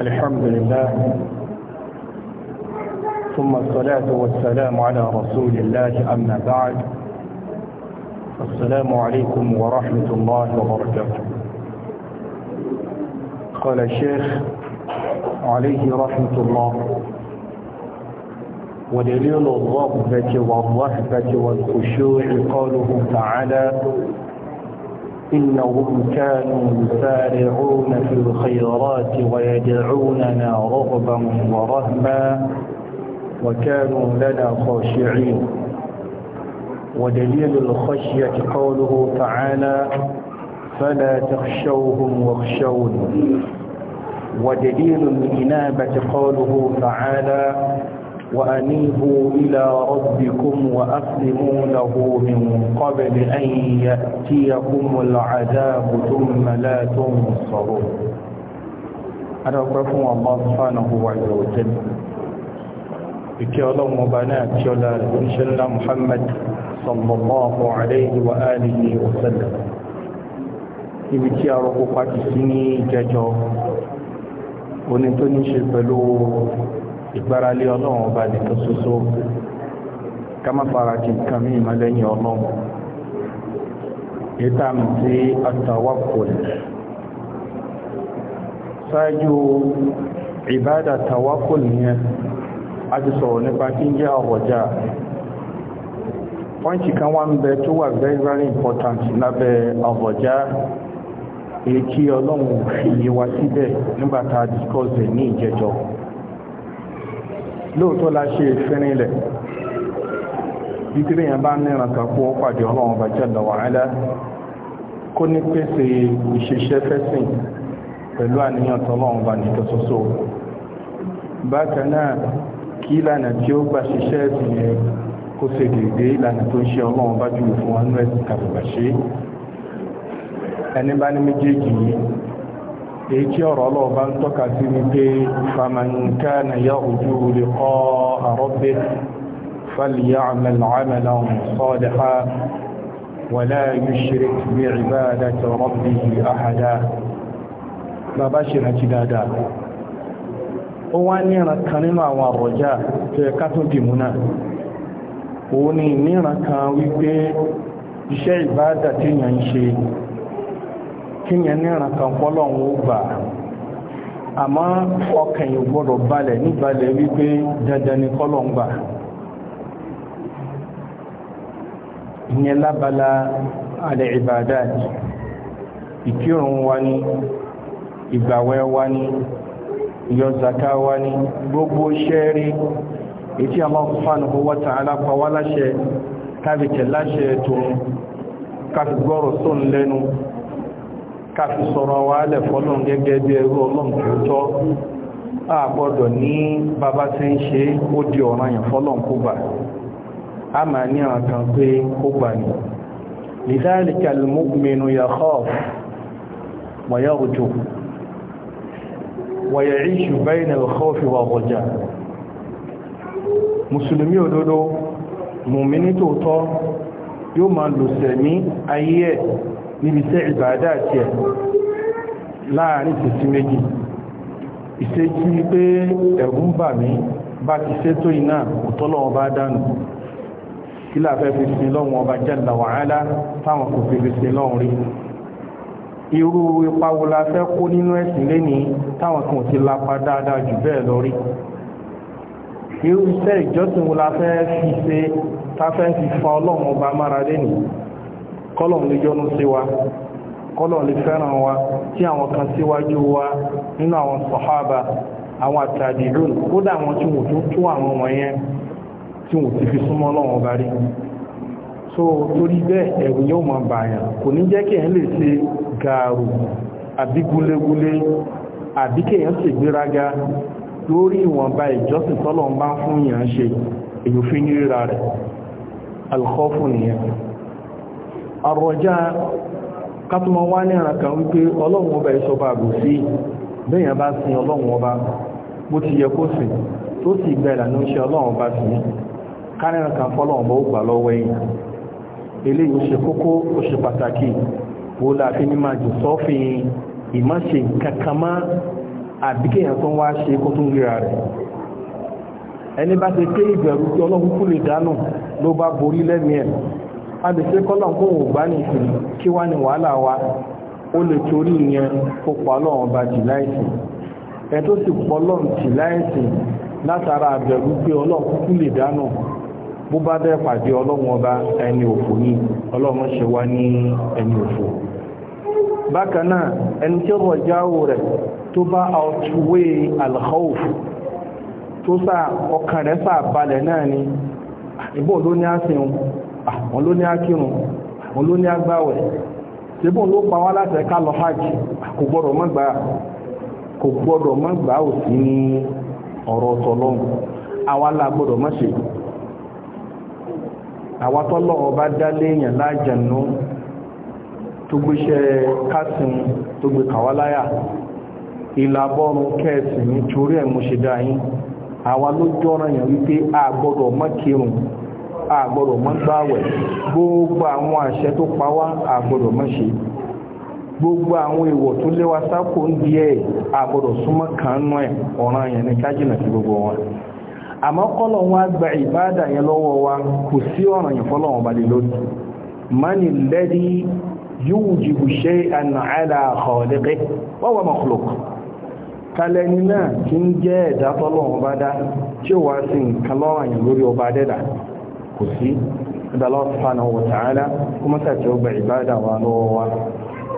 الحمد لله ثم الصلاة والسلام على رسول الله أما بعد السلام عليكم ورحمة الله وبركاته قال الشيخ عليه رحمة الله ودليل الرغبة والرهبة والخشوع قوله تعالى إنهم كانوا يسارعون في الخيرات ويدعوننا رغبا ورهبا وكانوا لنا خاشعين ودليل الخشية قوله تعالى فلا تخشوهم واخشون ودليل الإنابة قوله تعالى وأنيبوا إلى ربكم وأسلموا له من قبل أن يأتيكم العذاب ثم لا تنصرون أنا أقرأكم الله سبحانه وتعالى ìkẹ́ ọlọ́run ọba náà tí ọlá ìṣẹ́lá Muhammad sallallahu alayhi wa alihi wa sallam ibi tí a rọ́pò pàtì sí ní ìjẹjọ́ oní tó ní ṣe pẹ̀lú ìgbáralé ọlọ́run ọba nìkan ṣoṣo ká má fara kí nǹkan mí ìmọ̀ lẹ́yìn ọlọ́run ètà mi sí àtàwákùl ṣáájú ìbádà tàwákùl yẹn a ti sọ̀rọ̀ nípa kí ń jẹ́ ọ̀rọ̀jà pọ́ǹtì kan wá ń bẹ tó wà very very important lábẹ́ ọ̀rọ̀jà èyí tí ọlọ́run fi yé wa síbẹ̀ nígbà tá a discuss ẹ̀ ní ìjẹjọ́ lóòótọ́ la ṣe ìfinrinlẹ̀ bíkiri yẹn bá níran kan kó pàdé ọlọ́run bàjẹ́ lọ́wọ́ ẹ̀dá kó ní pèsè ìṣiṣẹ́ fẹ́sìn pẹ̀lú àníyàn tọ́lọ́run bá nìkan ṣoṣo bákan náà kí ìlànà tí ó gbà ṣiṣẹ́ ẹ̀sìn yẹn kó ṣe dèédé ìlànà tó ń ṣe ọlọ́run bá jù fún wọn nú ẹ̀sìn kàbàbà ṣe ẹni bá ní méjèèjì yìí èyí tí ọ̀rọ̀ ọlọ́ọ̀bá ń tọ́ka sí ni pé fàmàǹkà na yá ojú olè kọ́ àrọ́bẹ̀ fàlìyà àmàlàmàlà sọ́ọ̀dẹ̀ha wàlá yúṣìrì bí ìbá àdájọ́ rọ́bì àhàdá bàbá ṣe rántí dáadáa ó wá níran kan nínú àwọn àrọ̀já tó yẹ ká tó dìmú náà òun ni níran kan wípé iṣẹ́ ìbáàdà tí èèyàn ń ṣe kíyàn ní ìrànkan pọ́lọ̀wọ́ gbà àmọ́ ọkàn yóò gbọ́dọ̀ balẹ̀ níbalẹ̀ wípé dandan ni kọ́lọ̀ ń gbà ìyẹn alẹ́ ìbàdáàdì ìkírun wa ni ìgbàwẹ̀ wa ni ìyọzàká wa ni gbogbo ṣẹ́rí ètí Allah subhanahu wa ta'ala alápawá láṣẹ káfíkẹ̀ láṣẹ tó káfígbọ́rọ̀ sóun lẹ́nu káfí sọ̀rọ̀ wa lẹ̀ fọ́lọ́n gẹ́gẹ́ bí ẹrú ọlọ́run tí ó tọ́ a gbọ́dọ̀ ní bàbá tí ń ṣe ó di ọ̀ràn yẹn fọ́lọ́n kó gbà a máa ní àwọn pé kó gbà ní lidhalika al-mu'minu níbi iṣẹ́ ìbàdà àti ẹ̀ láàrin ìṣẹ́sí méjì ìṣẹ́jú pé ẹ̀gún bà mí bá ti ṣe tó iná òtọ́lọ́wọ́ bá dánù kí láàfẹ́ fi sin lọ́wọ́ ọba jalla wa ala táwọn kò fi fi sin lọ́wọ́ rí irú ipa wo la fẹ́ kó nínú ẹ̀sìn lẹ́ni táwọn kan ti lapa dáadáa jù bẹ́ẹ̀ lọ irú iṣẹ́ ìjọsìn wo la fẹ́ fi ṣe tá fẹ́ fi fa ọlọ́wọ́ ọba mára lẹ́nìí kọ́lọ̀ lè yọ́nú sí wa kọ́lọ̀ lè fẹ́ràn wa tí àwọn kan síwájú wa nínú àwọn sọ̀hábà àwọn àtàdìrún kódà àwọn tí wọ́n tó tó àwọn wọ̀nyẹn tí wọ́n ti fi súnmọ́ lọ́wọ́ bá rí so torí bẹ́ẹ̀ ẹ̀rù yóò máa bàyàn kò ní jẹ́ kí ẹ̀ lè ṣe gààrù àbí gúlégúlé àbí kéèyàn sì gbéraga lórí ìwọ̀nba ìjọsìn tọ́lọ̀ ń bá fún yàn ṣe èyí fi ní ríra rẹ̀ alkhọ́fù nìyẹn àrọ̀já kátùmọ̀ wá ní àràkà wípé ọlọ́run ọba ìṣọba àbòsí bẹ́yàn bá sin ọlọ́run ọba bó ti yẹ kó sìn tó sì gba ìlànà iṣẹ́ ọlọ́run ọba sí kárìnà kan fọ́lọ́run ọba ó gbà lọ́wọ́ ẹ̀yìn eléyìí ó ṣe kókó ó ṣe pàtàkì wo la fi ní máa jù sọ́fin ìmáṣe a lè ṣe kọ́lọ̀ kó wò gbá ní ìsìn kí wá ní wàhálà wa ó lè torí ìyẹn kó pa lọ́wọ́n ba jì láìsìn ẹ tó sì pọ̀ lọ́n jì láìsìn látara àbẹ̀rù pé ọlọ́run kúkú lè dánù bó bá bẹ́ẹ̀ pàdé ọlọ́run ọba ẹni òfò ni ọlọ́run ṣe wá ní ẹni òfò bákan náà ẹni tí ọ̀rọ̀ jáwó rẹ̀ tó bá outweigh al tó sá ọkàn rẹ̀ sá balẹ̀ náà ni ìbò ló ní àsìn àwọn ló ní akírun àwọn ló ní agbáwẹ̀ ṣébùn ló pa wá láti ẹ̀ka lọ hajj kò gbọ́dọ̀ má gbà kò gbọ́dọ̀ má gbà ní ọ̀rọ̀ tọ́lọ́hùn àwa la gbọ́dọ̀ má ṣe àwa tọ́lọ́ ọba dá léèyàn láàjẹ̀nú tó gbéṣẹ́ kásìn tó gbé kàwáláyà a gbọ́dọ̀ má àgbọ̀dọ̀ mọ́ gbáwẹ̀ gbogbo àwọn àṣẹ tó pa wá àgbọ̀dọ̀ mọ́ ṣe gbogbo àwọn ìwọ̀ tó léwa sápò ń di ẹ̀ àgbọ̀dọ̀ súnmọ́ kàánú ẹ̀ ọ̀ràn yẹn ní kájìnà sí gbogbo wọn àmọ́ kọ́lọ̀ wọn gba ìbáàdà yẹn lọ́wọ́ wa kò sí ọ̀ràn yẹn fọ́lọ̀ wọn balẹ̀ lórí mani lẹ́dí yóò jìbù ṣe àna àlà àkọọ̀lẹ́pẹ́ wọ́n mọ̀kùlùkù kalẹ́ni náà kí ń jẹ́ ẹ̀dá tọ́lọ̀ bá dá tí ó wá sí nǹkan lọ́ràn yẹn lórí ọba dẹ́dà kò sí ìdálọ́ subhanahu wa ta'ala kó mọ́sà gba wa wa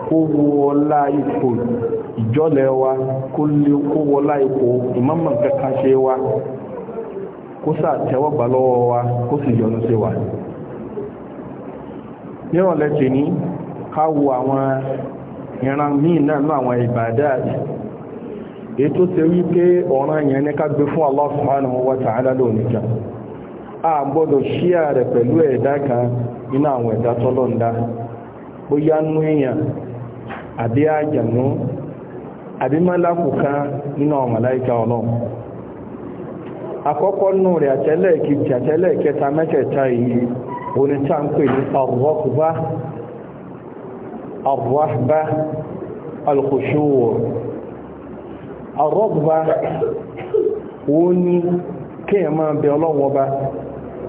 kó iko ipò wa kó lè kó wọlá ipò ìmọ̀mọ̀ wa kó sà wa kó sì yọ́nú sí wa wípé ọ̀ràn yẹn ká gbé fún Allah subhanahu wa ta'ala lónìí a gbọ́dọ̀ si a pẹ̀lú ẹ̀dá kan nínú àwọn ẹ̀dá tọ́lọ̀ ń dá nú èèyàn àbí àjànú àbí mọ́láàkù kan nínú àwọn màláìka ọlọ́run àkọ́kọ́ nù rẹ̀ àtẹ́lẹ̀ kìtì àtẹ́lẹ̀ kẹta mẹ́tẹ̀ẹ̀ta yìí onítà ń pè ní ọ̀rọ̀kùbá ọ̀rọ̀bá alkùsùwò ọ̀rọ̀kùbá bẹ ọlọ́run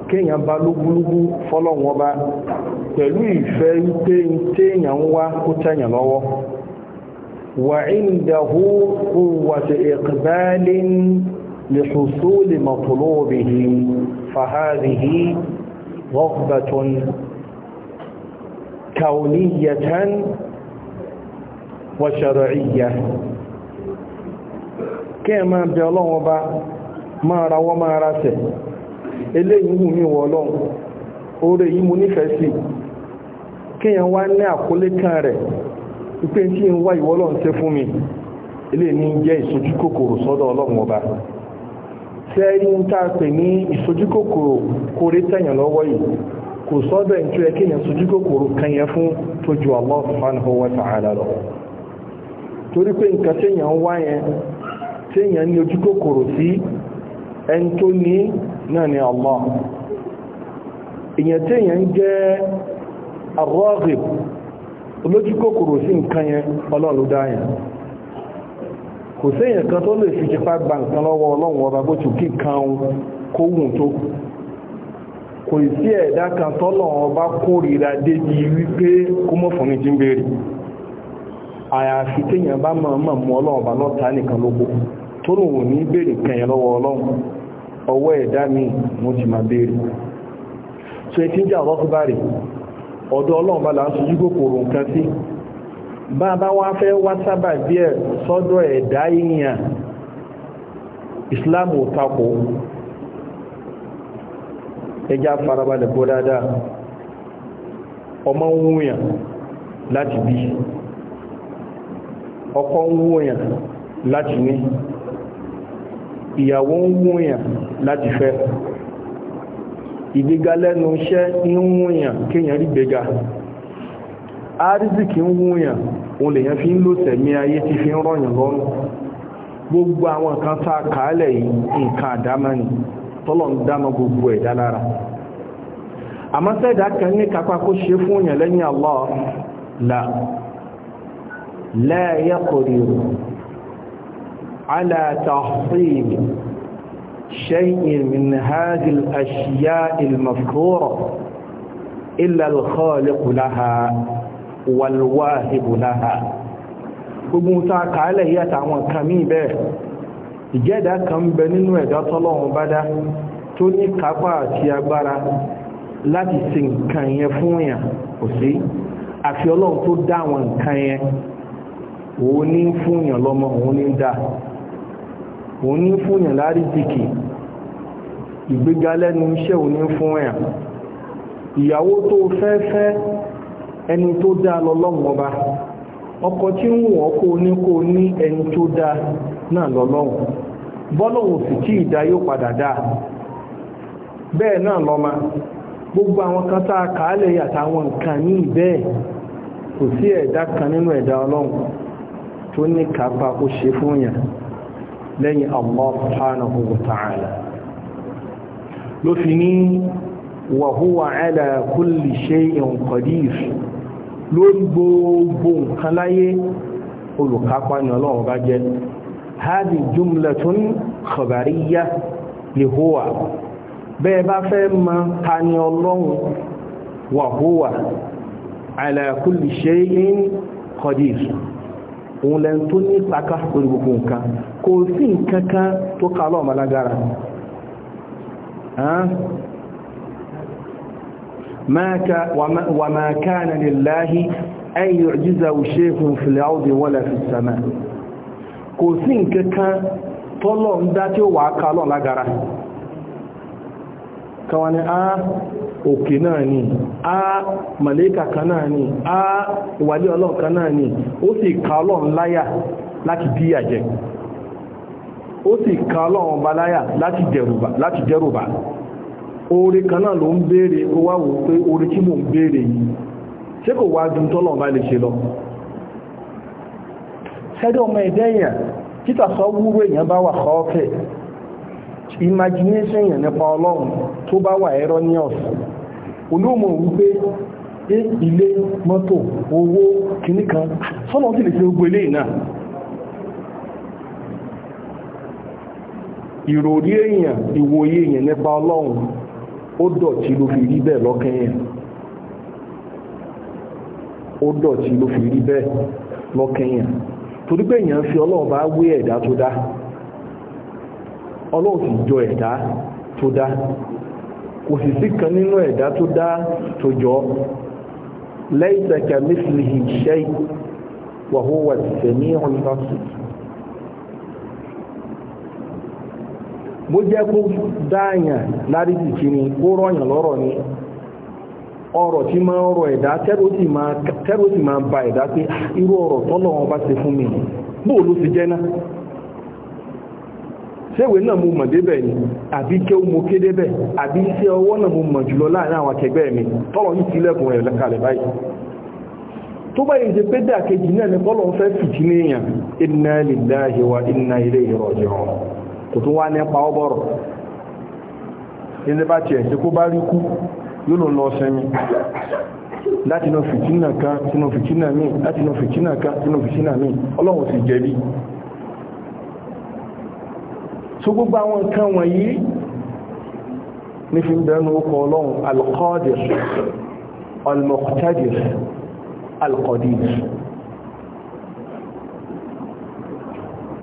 kéèyàn bá lúgbúlúgbú fọ́lọ́wọ́n bá pẹ̀lú ìfẹ́ wípé téèyàn ń wá kó tẹ̀yàn lọ́wọ́ wà ìndàhú quwwatu iqbalin li husuli matlubihi fahadihi rọ́gbàtún kauniyatan wa shar'iyyah kéèyàn máa bẹ ọlọ́wọ́n bá máa rawọ́ máa rásẹ̀ eléyìí wù mí wọ ọlọ́run oore yìí mo nífẹ̀ẹ́ sí wá ní àkólé kan rẹ̀ wípé tí ń wá ọlọ́run ṣe fún mi eléyìí ní jẹ́ ìsojú kòkòrò sọ́dọ̀ ọlọ́run ọba ṣe ń pè ní ìsojú kòkòrò kórè tẹ̀yàn lọ́wọ́ yìí kò sọ́dọ̀ ẹ̀ tó yẹ kòkòrò kan fún tó ju ẹni tó ní náà ni Allah èyàn tí èyàn jẹ́ ar-raghib nkanyen sí nǹkan yẹn ọlọ́run kò kan tó lè fi jẹpá gba nǹkan lọ́wọ́ bó tù kan kó wùn tó kò sí ẹ̀dá kan ọba kórìíra débi wípé kó mọ̀ fún ní àyàfi bá ọwọ́ ẹ̀dá mi wọ́n ti máa béèrè so etí ń jà ọ̀rọ̀ fún báyìí ọ̀dọ̀ ọlọ́run bá nǹkan sí bá bá wá fẹ́ wá sábà bí sọ́dọ̀ ẹ̀dá èèyàn Islam ò ẹjá farabalẹ̀ bó ọmọ ń ọkọ ń láti ní ìyàwó ń wúyàn láti fẹ́ ìgbéga lẹ́nu iṣẹ́ ń wúyàn kéèyàn rí gbéga àrísìkí ń fi ń lò ayé ti fi ń lọ́rùn gbogbo àwọn nǹkan tá a kàálẹ̀ yìí nǹkan ni tọ́lọ̀ ń gbogbo àmọ́ sẹ́ẹ̀dá kan ní kápá kó ṣe fún lẹ́yìn la شيء من هذه الأشياء المذكورة إلا الخالق لها والواهب لها gbogbo ta kàálẹ̀ yí àtàwọn kan mí bẹ́ẹ̀ ìjẹ́dá kan bẹ nínú ẹ̀dá tọ́lọ́run bá dá tó ní kápá àti agbára láti ṣe nǹkan yẹn fún èèyàn kò sí àfi ọlọ́run tó dá àwọn nǹkan yẹn òun ní fún èèyàn lọ́mọ òun ní dá òun ní fún èèyàn lárídìkì ìgbéga lẹ́nu iṣẹ́ òní fún ẹ̀ ìyàwó tó fẹ́ fẹ́ ẹni tó dá lọ́wọ́ ọba ọkọ̀ tí ń wọ̀ kó ní kò ní ẹni tó dá náà lọ́wọ́ bọ́lọ̀wọ̀ sì tí ìdá yóò padà dá bẹ́ẹ̀ náà lọ́ma gbogbo àwọn kan tá àtàwọn nǹkan ní ìbẹ́ẹ̀ kò sí ẹ̀dá kan nínú ẹ̀dá tó ní kó ṣe fún yàn lẹ́yìn ló fi ní wa huwa ala kulli shay'in qadir lórí gbogbo nǹkan láyé olùkápá ni ọlọ́run bá jẹ́ hadi jumlatun khabariyya li huwa bẹ́ẹ̀ bá fẹ́ mọ ta ni ọlọ́run wa huwa ala kulli shay'in qadir òun lẹ́nu tó ní pàkà lórí gbogbo nǹkan kò sí nǹkan kan tó ká lọ́ọ̀mọ́ وما كان لله أن يعجزه شيء في الأرض ولا في السماء kò sí nǹkankan tọ́lọ̀ ń dá tí ó wà ká lọ lágara kawà ni a òkè náà ni a màlẹ́kà kan náà ni a ìwàlẹ́ ọlọ́ọ̀kan náà ni ó sì ká lọ láyà láti bí àjẹ́ ó sì kan ọlọ́run ọba láyà láti dẹ̀rùbà láti dẹ́rùbà oore kan náà ló ń béèrè ó wá wò pé oore tí mò ń béèrè yìí ṣé kò wá dùn tọ́lọ̀ ọba lè ṣe lọ ṣẹ́dọ̀ ọmọ ẹ̀dẹ́ èèyàn títà sọ wúrò èèyàn bá wà kọ́ọ̀kẹ́ imagination èèyàn nípa ọlọ́run tó bá wà erroneous olóòmọ̀ wípé ilé mọ́tò owó kìnnìkan sọ́nà ó sì lè ṣe gbogbo eléyìí náà ìròrí èèyàn ìwòye èèyàn nípa ọlọ́run ó dọ̀tí ló fi rí bẹ́ẹ̀ lọ́kàn èèyàn ó dọ̀tí ló fi rí bẹ́ẹ̀ lọ́kàn èèyàn torí pé èèyàn fi ọlọ́run bá wé ẹ̀dá tó dá ọlọ́run sì jọ ẹ̀dá tó dá kò sì sí kan nínú ẹ̀dá tó dá tó jọ laysa kamithlihi shay wa huwa as-sami'ul basir bó jẹ́ kó dáàyàn láríjì kí ni kó rọ̀yàn lọ́rọ̀ ni ọ̀rọ̀ tí ma ń ẹ̀dá tẹ́rò ba ẹ̀dá pé ah, irú ọ̀rọ̀ tọ́lọ̀ wọn bá se fún mi bóò ló ti jẹ́ náà náà mo mọ̀ débẹ̀ ni àbí kí ó mo kéde bẹ̀ àbí iṣẹ́ ọwọ́ náà mo mọ̀ jùlọ láàrin àwọn akẹgbẹ́ mi tọ́lọ̀ kò tún wá nípa ọbọ̀rọ̀ ilé bá tiẹ̀ tí kó bá rí kú yóò lọ lọ sẹ́mi láti inú fìtínà kan sínú fìtínà míì láti inú fìtínà kan sínú fìtínà míì ọlọ́run sì jẹ̀bi so gbogbo àwọn nǹkan wọ̀nyí ní fi ń bẹ̀rẹ̀ orúkọ ọlọ́run alqadir almuqtadir alqadir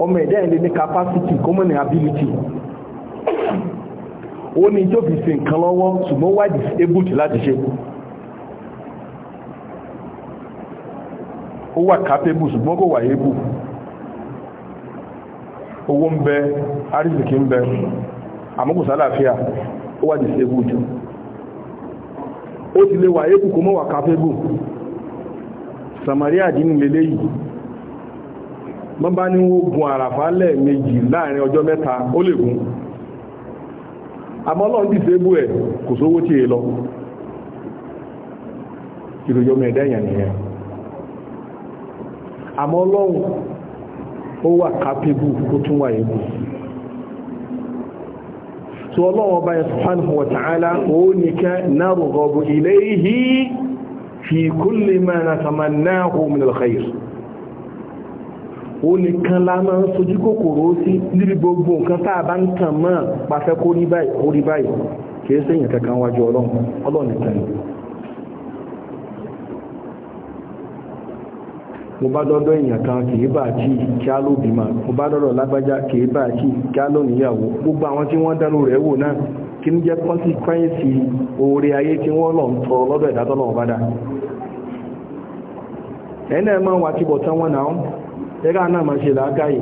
ọmọ ẹ̀dá ẹ̀ lè ní capacity common ability ó ní tó fi sí nǹkan lọ́wọ́ ṣùgbọ́n wà disabled láti ṣe ó wà capable ṣùgbọ́n kò wà able owó ń bẹ arísìkí ń bẹ àmúkùsá àlàáfíà ó wà disabled ó ti lè wà able kò mọ́ wà capable wọ́n bá ní wọ́n gun àràfà lẹ́ẹ̀mejì láàrin ọjọ́ mẹ́ta ó lè gun àmọ́ ọlọ́run dìde bú ẹ̀ kò sówó tí e lọ ìròyìn ọmọ ẹ̀dá èèyàn nìyẹn àmọ́ ọlọ́run ó wà kápébù ó tún wà ebù tí ọlọ́run ọba subhanahu wa ta'ala ó ní ká narghabu ilayhi fi kulli ma natamannahu min al-khair ó nìkan la máa ń sojú kòkòrò sí níbi gbogbo nǹkan tá a bá ń kàn mọ́ pàṣẹ kó rí báyìí kó rí báyìí kìí sẹ́yìn wájú ọlọ́run ọlọ́run nìkan mo bá dọ́dọ̀ èèyàn kan kìí bá jí kí á mà mo bá dọ́dọ̀ lágbájá kìí bá kí á gbogbo àwọn tí wọ́n dánú rẹ̀ wò náà kí jẹ́ ayé tí wọ́n lọ ń tọrọ lọ́dọ̀ ẹ̀rá náà máa ṣe làákàyè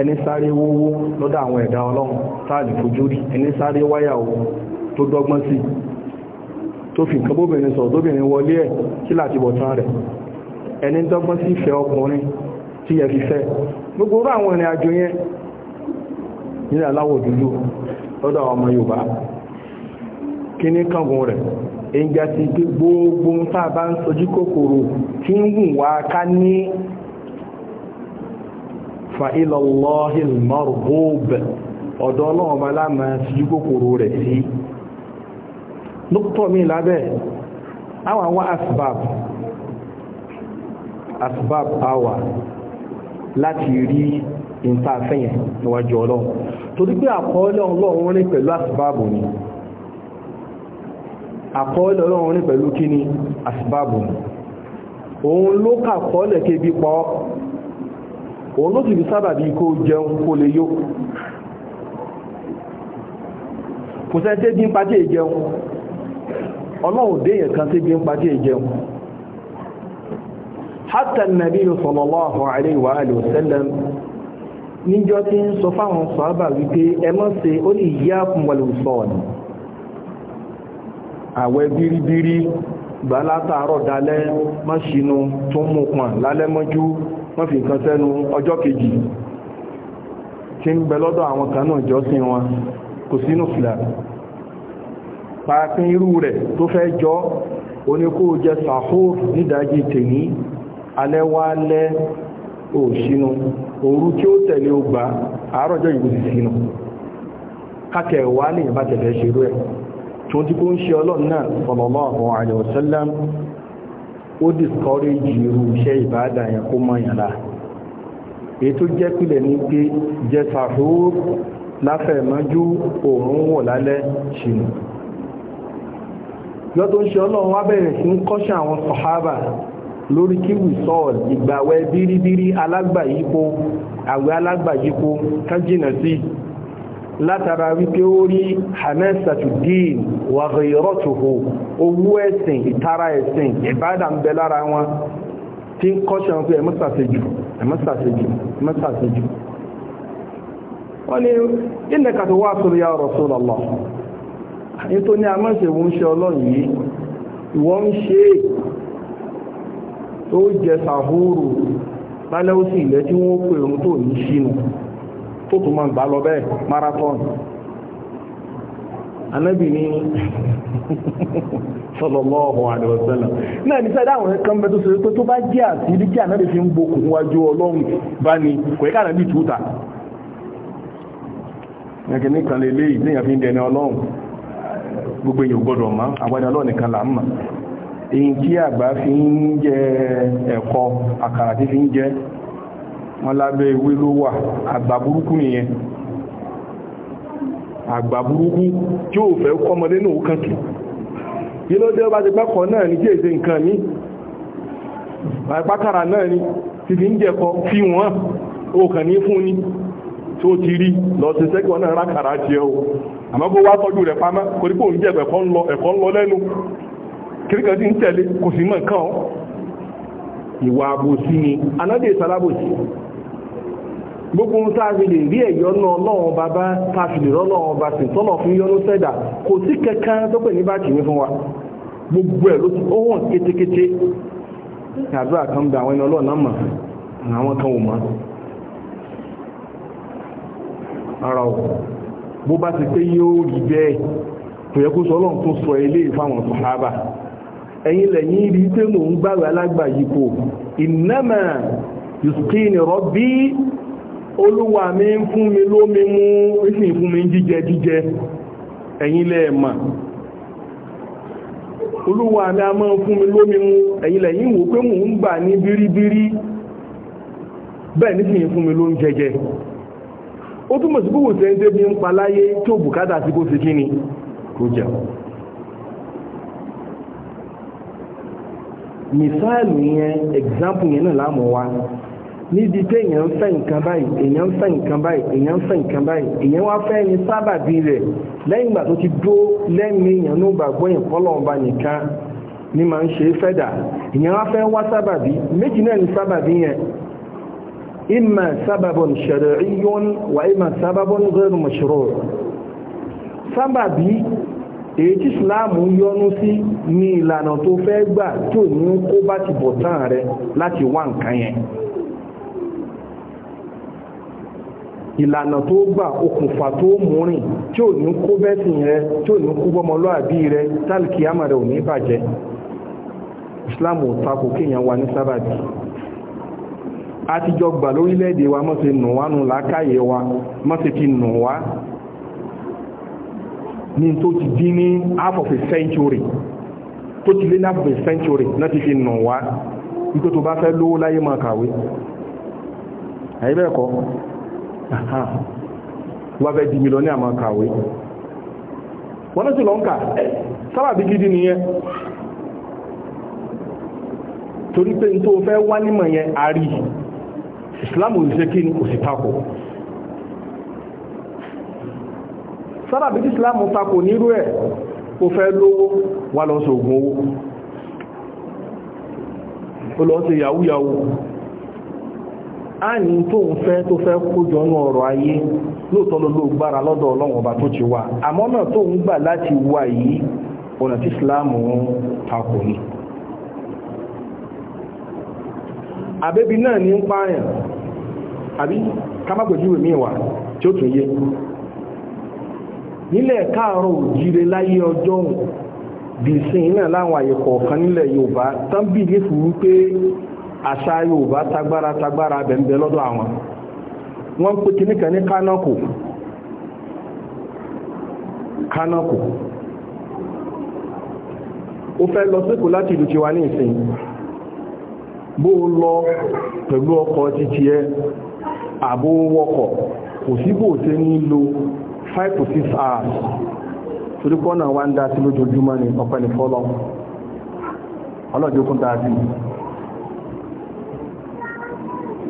ẹni sáré wówó lọ́dọ̀ àwọn ẹ̀dá ọlọ́run táàlì fojú rí ẹni sáré wáyàwó tó dọ́gbọ́n sí tó fi nǹkan bóbìnrin sọ̀rọ̀ tóbìnrin wọlé ẹ̀ kí láti bọ̀ tán rẹ̀ ẹni dọ́gbọ́n sí ìfẹ́ ọkùnrin tí yẹ fi fẹ́ gbogbo orú àwọn ìrìn àjò yẹn nílẹ̀ aláwọ̀ dúdú lọ́dọ̀ àwọn ọmọ Yorùbá kí ní kángun rẹ̀ èyí jẹ́ ti gbogbo ń tàbá ń sojú kòkòrò tí ń wù wá ká ní fa ila Allahi al-marghub ọ̀dọ̀ ọlọ́run bá láàmà síjú kòkòrò rẹ̀ sí lókùtọ̀ mi lábẹ́ àwọn àwọn asbab asbab awa láti rí ìta àfẹ́yẹn níwájú ọlọ́run torí pé àkọọ́lẹ̀ ọlọ́run rí pẹ̀lú asbab ni àkọọ́lẹ̀ ọlọ́run rí pẹ̀lú kíni asbab ni òun ló kà kọọ́lẹ̀ kébi pọ́ òun ló sì fi sábàbí kó jẹun kó lè yó kò sẹ́ tẹ́ bí ń pàdé ìjẹun ọlọ́run déyàn kan tẹ́ bí ń pàdé ìjẹun hatta nàbí sallallahu alaihi wa alihi wasallam níjọ́ tí ń sọ fáwọn sọ́ábà wípé ẹmọ́ ṣe ó ní ìyá pùmọ̀lù sọ́ọ̀nì àwẹ̀ bíríbírí gbà dalẹ́ mọ́ṣínú tó mú pọ̀n lálẹ́mọ́jú wọ́n fi nǹkan sẹ́nu ọjọ́ kejì tí ń bẹ lọ́dọ̀ àwọn kan náà jọ́sìn wọn kò sínú fìlà pàápín irú rẹ̀ tó fẹ́ jọ oníkó jẹ sàhóòr nídàájí tèní alẹ́wálẹ́ òṣínú òru tí ó tẹ̀lé ọgbà àárọ̀jọ́ ìgbò sì sínú kákẹ̀ wà ní ìbátẹ̀lẹ̀ ṣerú ẹ̀ tó ti kó ń ṣe ọlọ́run náà sallallahu alaihi wasallam ó discourage irú iṣẹ́ ìbáàdà yẹn kó mọ̀ yàn la ètò jẹ́ pilẹ̀ ní pé jẹ sàhúr láfẹ̀mọ́jú òun wọ̀ lálẹ́ ṣìnà yọ́tò ń ṣe ọlọ́run wá bẹ̀rẹ̀ sí ń kọ́ṣẹ́ àwọn sọ̀hábà lórí kí wìsọ́ọ̀lù ìgbàwẹ́ bíríbírí alágbàyípo àwẹ̀ alágbàyípo ká sí i látara wípé ó rí hanasatuddin wa ghayratuhu owó ẹ̀sìn ìtara ẹ̀sìn ìbádà ń bẹ lára wọn tí ń kọ́ṣọ́ pé ẹ̀mọ́sàṣẹ́jù ẹ̀mọ́sàṣẹ́jù ẹ̀mọ́sàṣẹ́jù wọ́n ni innaka tuwasilu ya Rasulullah ní tó ní amọ́sẹ̀wò ń ṣe ọlọ́run yìí ìwọ́n ń ṣe tó jẹ sàhóòrò lálẹ́ ó sì ilẹ̀ tí wọ́n pè òun tó ní sínú tó tún máa gbà lọ bẹ́ẹ̀ marathon anábì ní sallallahu na wasallam náà ní sẹ́dá àwọn ẹ̀kan bẹ́ tó pé tó bá jẹ́ àti ilé kí ànábì fi ń wájú ọlọ́run bá ní túta ẹ̀kẹ́ ní wọn lábẹ́ ewé ló wà àgbà burúkú nìyẹn àgbà burúkú tí ó fẹ́ kọ́mọdé náà kàn kì ló dé bá ti pẹ́kọ̀ọ́ náà ní kí èsè nǹkan ní àìpákàrà náà ni ti fi ń jẹ́kọ fi wọ́n ó ní fún ni tó ti rí lọ sí sẹ́kọ̀ọ́ náà rákàrà jẹ́ o àmọ́ kó wá tọ́jú rẹ̀ pamọ́ kò ní kò ń jẹ́ ẹ̀kọ́ ń lọ ẹ̀kọ́ ń lọ lẹ́nu kíríkà tí ń ìwà àbòsí ni anádé ìsàlábòsí gbogbo ohun tá a fi lè rí ẹ̀yọ́ náà ọlọ́run ọba bá tá a fi lè rọ́lọ́run ọba sì tọ́lọ̀ fún yọ́nú sẹ́dà kò sí kankan tó pè ní báàkì mi fún wa gbogbo ẹ̀ ló ti ó hàn kétékété àdúrà kan bẹ àwọn ẹni ọlọ́run náà mọ̀ àwọn kan ò mọ̀ ara ò bó bá ti pé yóò rí bẹ́ẹ̀ kò yẹ kó sọ ọlọ́run tó sọ eléyìí fáwọn sàhábà ẹ̀yin lẹ́yìn rí pé mò ń gbàgbé alágbà yìí kò ìnámà yusqini rabbi olúwa mi ń fún mi lómi mú ìsìn fún mi jíjẹ jíjẹ ẹ̀yin lẹ mọ̀ olúwa mi a máa ń fún mi lómi mú ẹ̀yin lẹ̀yin wò pé mò ń gbà ní bíríbírí bẹ́ẹ̀ nísìnyí fún mi ló ń jẹjẹ ó túnmọ̀ sí gbogbo tẹ́ ń débi ń pa láyé tí ó bùkátà sí kó kí ni kó jẹ mìsáàlù yẹn example yẹn náà láàmú wa níbi tí èèyàn ń fẹ́ nǹkan báyìí èèyàn ń fẹ́ nǹkan báyìí èèyàn ń fẹ́ nǹkan báyìí èèyàn wá fẹ́ ni sábàbí rẹ̀ lẹ́yìn ìgbà tó ti dó lẹ́mìí èèyàn ló gbàgbọ́ yẹn fọlọ́ọ̀ba nìkan ni máa ń ṣe fẹ́dà èèyàn wá fẹ́ wá sábàbí méjì náà ni sábàbí yẹn imma sababun shar'iyyun wa imma sababun ghayru mashru' sábàbí èyí tí ìsìláàmù yọ́nú sí ní ìlànà tó fẹ́ gbà tó ní kó bá ti bọ̀ tán rẹ̀ láti wá nǹkan yẹn ìlànà tó gbà okùnfà tó múrìn tí ò ní kó bẹ́sìn rẹ tí ò ní kó bọ́mọlúàbí rẹ tálíkì àmà rẹ ò ní bàjẹ́ islam ò takò kéèyàn wa ní sábàbí àtijọ́ gbà lórílẹ̀-èdè wa mọ́ nù wá nù lákàyè wa mọ́ ti nù wá ní tó ti dín ní half of a century tó ti lé ní half of a century náà ti fi nù wá nítorí tó bá fẹ́ lówó láyé máa kàwé àyíbẹ̀ẹ̀kọ́ wọ́n fẹ́ di mílíọ̀nì àmọ́ kàwé wọ́n náà sì lọ ń kà sábàbí gidi nìyẹn torí pé n tó fẹ́ wá nímọ̀ yẹn a rí ìsìláàmù ìṣẹ́kí kò sì takò sábàbí tí ìsìláàmù takò nírú ẹ̀ ó fẹ́ lówó wà lọ́sọ̀gùn owó ó lọ́sẹ̀ yahoo yahoo a ní tó ń fẹ́ tó fẹ́ kójọ ní ọ̀rọ̀ ayé lóòótọ́ ló ló gbára lọ́dọ̀ ọlọ́run ọba tó ti wà àmọ́ náà tó ń gbà láti wà yìí ọ̀nà tí ìsìláàmù ń takò ní àbẹ́bí náà ní ń pààyàn àbí kámágbèjúwe míì wà tí ó tún yé nílẹ̀ káàárọ̀ òjíire láyé ọjọ́ bìsìn náà láwọn àyè kọ̀ọ̀kan nílẹ̀ Yorùbá tán bí wípé àṣà yorùbá tagbara tagbara bẹ̀m̀bẹ̀ lọ́dọ̀ àwọn wọ́n ń pè kí níkan kánọ́kù kánọ́kù ó fẹ́ lọ síkò láti ìlú tiwa ní ìsìn bó o lọ pẹ̀lú ọkọ̀ títí ẹ àbó wọkọ̀ kò sí bó ṣe lo 5 to 6 hours torí pọ́nà wá ń dá sí lójoojúmọ́ ni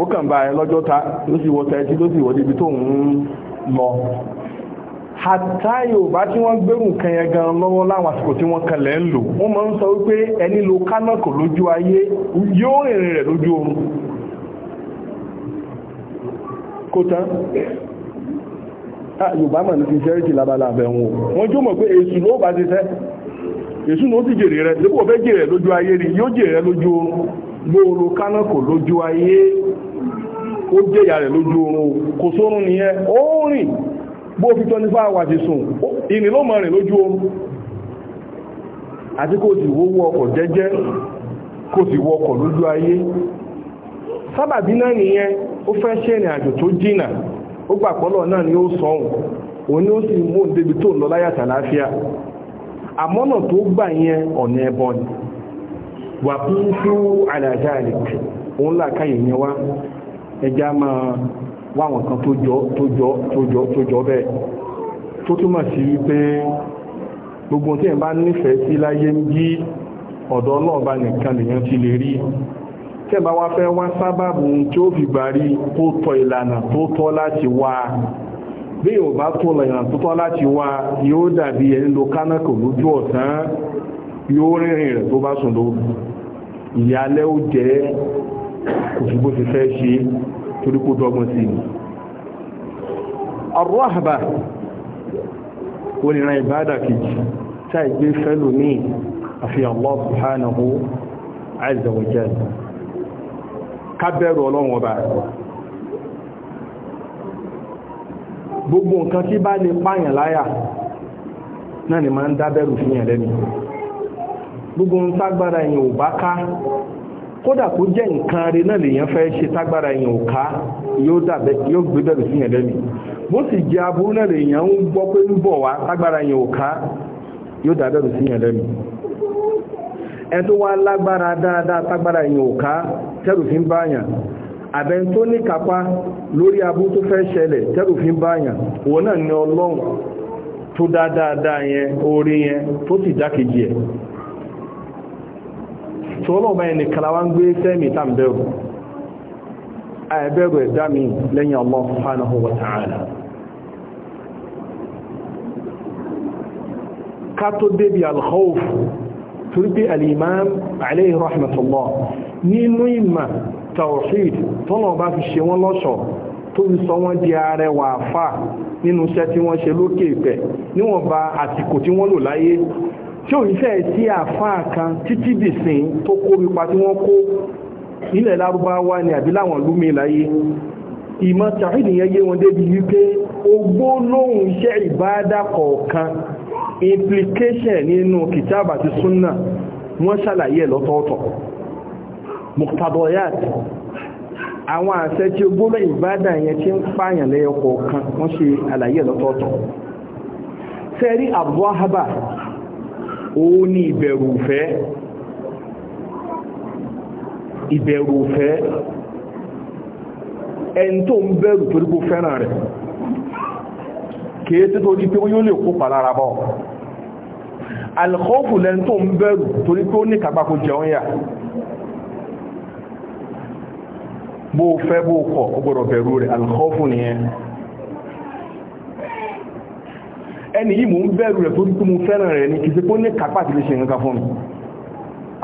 ó kàn bá ẹ lọ́jọ́ ta ló sì wọ tẹ́tí ló sì wọ débi tó ń lọ àtá yorùbá tí wọ́n gbẹ́rù nǹkan yẹn gan lọ́wọ́ láwọn àsìkò tí wọ́n kalẹ̀ ń lò wọ́n máa ń sọ wípé ẹni lo kánàkò lójú ayé yóò rìnrìn rẹ̀ lójú oorun kó tán ah, yorùbá mà ní ti sẹ́rìtì lábala àbẹ̀wò wọ́n jó mọ̀ pé èṣù ló bá ti sẹ́ èṣù ló sì jèrè rẹ̀ dípò fẹ́ jèrè lójú ayé ni yóò jèrè lójú oorun gbòòrò kánàkò lójú ayé kó jẹ́yà rẹ̀ lójú oorun kò sórun nìyẹn ó rìn bó fi tọ́ nípa àwàtí sùn ìrìn ló rìn lójú oorun àti kò sì wówó ọkọ̀ jẹ́jẹ́ kò sì wọ ọkọ̀ lójú ayé sábàbí náà nìyẹn ó fẹ́ ṣe ìrìn àjò tó jìnà ó gbà pọ́lọ̀ náà ni ó sọ̀hùn òun ni ó sì mú òun débi tó ń lọ láyàtà láfíà àmọ́nà tó gbà yẹn ọ̀nà ẹbọn wà fún fún àlàjáàlì òun làkàyè yẹn wá ẹja máa wá àwọn kan tó jọ tó jọ tó jọ tó jọ bẹ́ẹ̀ tó túmọ̀ sí wípé gbogbo tí ẹ̀ bá nífẹ̀ẹ́ sí láyé ń jí ọ̀dọ̀ ọlọ́ọ̀bá nìkan lèyàn ti lè rí tí ẹ̀ bá wá fẹ́ wá sábàbù tí ó fi gbà rí tó tọ́ ìlànà tó tọ́ láti wá bí yóò bá tó ìlànà tó tọ́ láti wá yóò dàbí ẹni lo kánákò lójú ọ̀sán yóò rìnrìn rẹ̀ tó bá sùn lóru ìyálẹ́ ó jẹ́ kò sí bó ti fẹ́ ṣe torí kó dọ́gbọ́n sí ni arọ́hàbà oníran ìbádà kejì táì gbé fẹ́lú ní àfi Allah subhanahu azza wa jalla gbogbo nǹkan tí bá lè pààyàn láyà náà ni máa ń dábẹ̀rù fíyàn lẹ́nu gbogbo ń tágbára èèyàn ò bá ká kódà kó jẹ́ nǹkan rẹ̀ náà lèyàn fẹ́ ṣe tágbára èèyàn òká yóò gbé sí ẹ̀rẹ́ mi bó sì jẹ́ aburú náà lèyàn ń gbọ́ pé ń bọ̀ wá tágbára èèyàn òká yóò lagbara sí ẹ̀rẹ́ mi ẹni wá lágbára dáadáa tágbára èèyàn òká tẹ́rù báyàn àbẹ́ni tó ní kápá lórí aburú tó fẹ́ ni ọlọ́run tó dá tó lọ́wọ́ báyìí ní kalawa ń gbé tẹ́mì tàn bẹ̀rù àìbẹ̀rù ẹ̀dá mi lẹ́yìn Allah subhanahu wa ta'ala ká tó débi al-khawf torí pé al-imam alayhi rahmatullah nínú ìmà tawhid tọ́lọ̀ bá fi ṣe wọ́n lọ́ṣọ̀ọ́ tó ń sọ wọ́n di arẹwà àfà nínú iṣẹ́ tí wọ́n ṣe lókè ìpẹ̀ níwọ̀nba àsìkò tí wọ́n lò láyé tí ò ń fẹ́ sí àfáà kan títí dìsìn tó kó ipa tí wọ́n kó nílẹ̀ lárúbáwá ni àbí láwọn ìlú mi láyé ìmọ̀ tàfíìdì yé wọn débi wípé ogbó lóhun iṣẹ́ ìbáadà kọ̀ọ̀kan implication nínú kìtàbà àti súnnà wọ́n ṣàlàyé lọ́tọ̀ọ̀tọ̀ muktadoyat àwọn àṣẹ tí ó gbóló ìbádà yẹn tí ń pààyàn lẹ́yọ kọ̀ọ̀kan wọ́n ṣe àlàyé lọ́tọ̀ọ̀tọ̀ òun ni ìbẹ̀rù ìfẹ́ ìbẹ̀rù ìfẹ́ ẹni tó ń bẹ̀rù torí kó fẹ́ràn rẹ̀ kìí tí tó di pé yóò lè kópa lára bọ́ alkhọ́fù lẹ́ni tó ń bẹ̀rù torí pé ní kàgbàkó jẹun yà bó fẹ́ bó kọ̀ ó gbọ́dọ̀ bẹ̀rù rẹ̀ alkhọ́fù nìyẹn ẹni yìí mò ń bẹ̀rù rẹ̀ torí pé mo fẹ́ràn rẹ̀ ni kì í ṣe pé ó ní kápá àti lè ṣe nǹkan fún mi